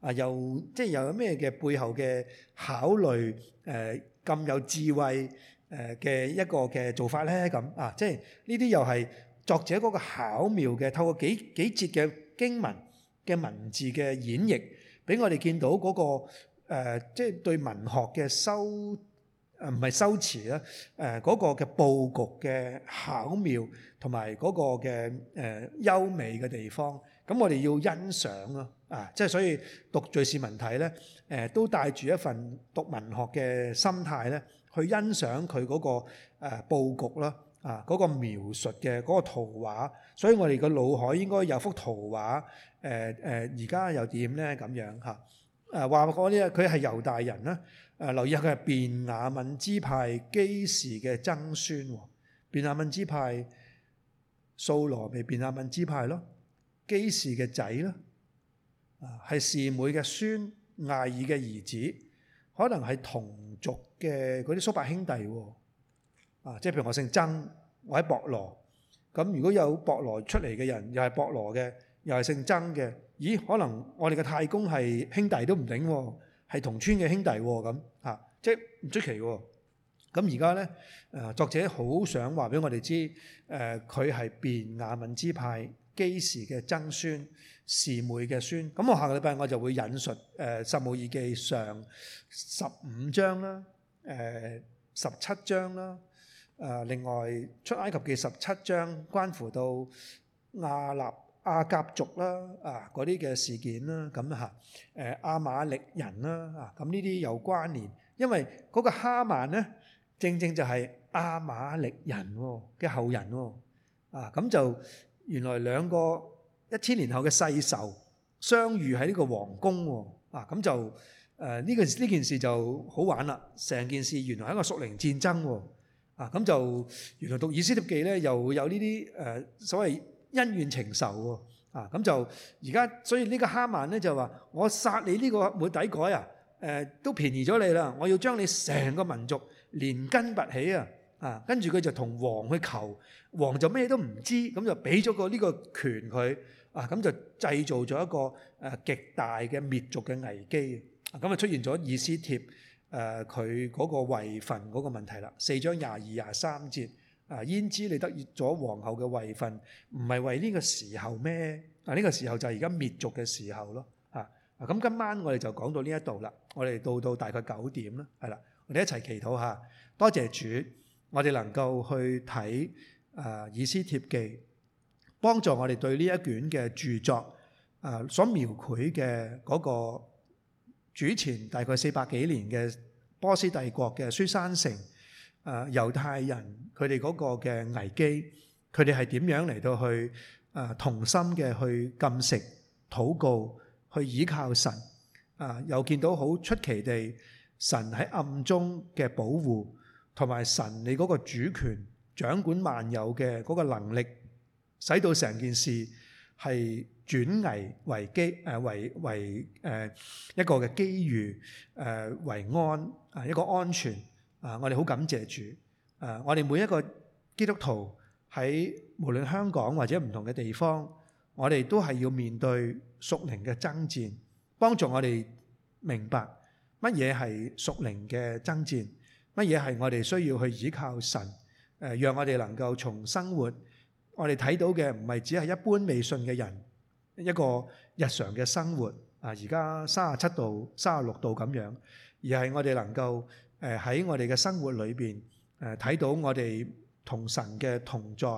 Speaker 1: 啊！又即係又有咩嘅背後嘅考慮？誒、呃、咁有智慧誒嘅一個嘅做法呢。咁啊！即係呢啲又係作者嗰個巧妙嘅，透過幾幾節嘅經文嘅文字嘅演繹，俾我哋見到嗰、嗰個、呃、即係對文學嘅修，誒唔係修辭啦，誒嗰個嘅佈局嘅巧妙同埋嗰個嘅誒、呃、優美嘅地方。咁我哋要欣賞咯，啊，即係所以讀《敘事文體呢》咧、呃，都帶住一份讀文學嘅心態咧，去欣賞佢嗰個誒佈、呃、局咯，啊，嗰、那個描述嘅嗰、那個圖畫，所以我哋個腦海應該有幅圖畫，而、呃、家、呃、又點咧咁樣嚇？誒話講啲佢係猶大人啦，誒、啊、留意下佢係便雅憫支派基士嘅曾孫，便雅憫支派素羅咪便雅憫支派咯。基士嘅仔啦，啊，係示每嘅孫，睚珥嘅兒子，可能係同族嘅嗰啲叔伯兄弟喎，啊，即係譬如我姓曾，我喺博羅，咁如果有博羅出嚟嘅人，又係博羅嘅，又係姓曾嘅，咦？可能我哋嘅太公係兄弟都唔定喎，係同村嘅兄弟喎，咁啊，即係唔出奇喎。咁而家呢，誒作者好想話俾我哋知，誒佢係便雅憫支派。基士嘅曾孫，示每嘅孫。咁我下個禮拜我就會引述誒《撒母耳記》上十五章啦，誒十七章啦。誒另外出埃及記十七章關乎到亞納亞甲族啦，啊嗰啲嘅事件啦，咁嚇誒亞瑪力人啦，啊咁呢啲有關連，因為嗰個哈曼咧，正正就係亞瑪力人嘅後人喎，啊咁就。原來兩個一千年後嘅世仇相遇喺呢個皇宮喎，啊咁就誒呢個呢件事就好玩啦！成件事原來係一個屬靈戰爭喎，啊咁就原來讀以斯帖記呢，又有呢啲誒所謂恩怨情仇喎，啊咁就而家所以呢個哈曼呢，就話：我殺你呢個末底改啊，誒、呃、都便宜咗你啦！我要將你成個民族連根拔起啊！啊，跟住佢就同王去求，王就咩都唔知，咁、嗯、就俾咗個呢個權佢，啊，咁、嗯、就製造咗一個誒極、啊、大嘅滅族嘅危機，咁啊、嗯、出現咗以斯帖佢嗰個位份嗰個問題啦，四章廿二廿三節啊，焉知你得咗皇后嘅位份，唔係為呢個時候咩？啊，呢、呢個時候就係而家滅族嘅時候咯，嚇、啊，咁、啊嗯、今晚我哋就講到呢一度啦，我哋到到大概九點啦，係啦，我哋一齊祈禱下，多謝主。我哋能夠去睇《啊以斯帖記》，幫助我哋對呢一卷嘅著作，啊所描繪嘅嗰個主前大概四百幾年嘅波斯帝國嘅書珊城、啊猶太人佢哋嗰個嘅危機，佢哋係點樣嚟到去啊同心嘅去禁食、禱告、去倚靠神，啊又見到好出奇地神喺暗中嘅保護。同埋神，你嗰個主權掌管萬有嘅嗰個能力，使到成件事係轉危為機，誒為為誒一個嘅機遇，誒為安啊一個安全啊！我哋好感謝主啊！我哋每一個基督徒喺無論香港或者唔同嘅地方，我哋都係要面對屬靈嘅爭戰，幫助我哋明白乜嘢係屬靈嘅爭戰。乜嘢係我哋需要去倚靠神？誒，讓我哋能夠從生活，我哋睇到嘅唔係只係一般未信嘅人一個日常嘅生活。啊，而家三十七度、三十六度咁樣，而係我哋能夠誒喺我哋嘅生活裏邊誒睇到我哋同神嘅同在。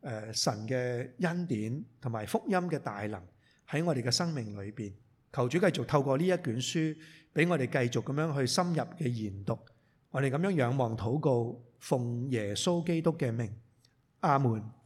Speaker 1: 誒，神嘅恩典同埋福音嘅大能喺我哋嘅生命裏邊。求主繼續透過呢一卷書，俾我哋繼續咁樣去深入嘅研讀。我哋咁樣仰望、禱告，奉耶穌基督嘅名，阿門。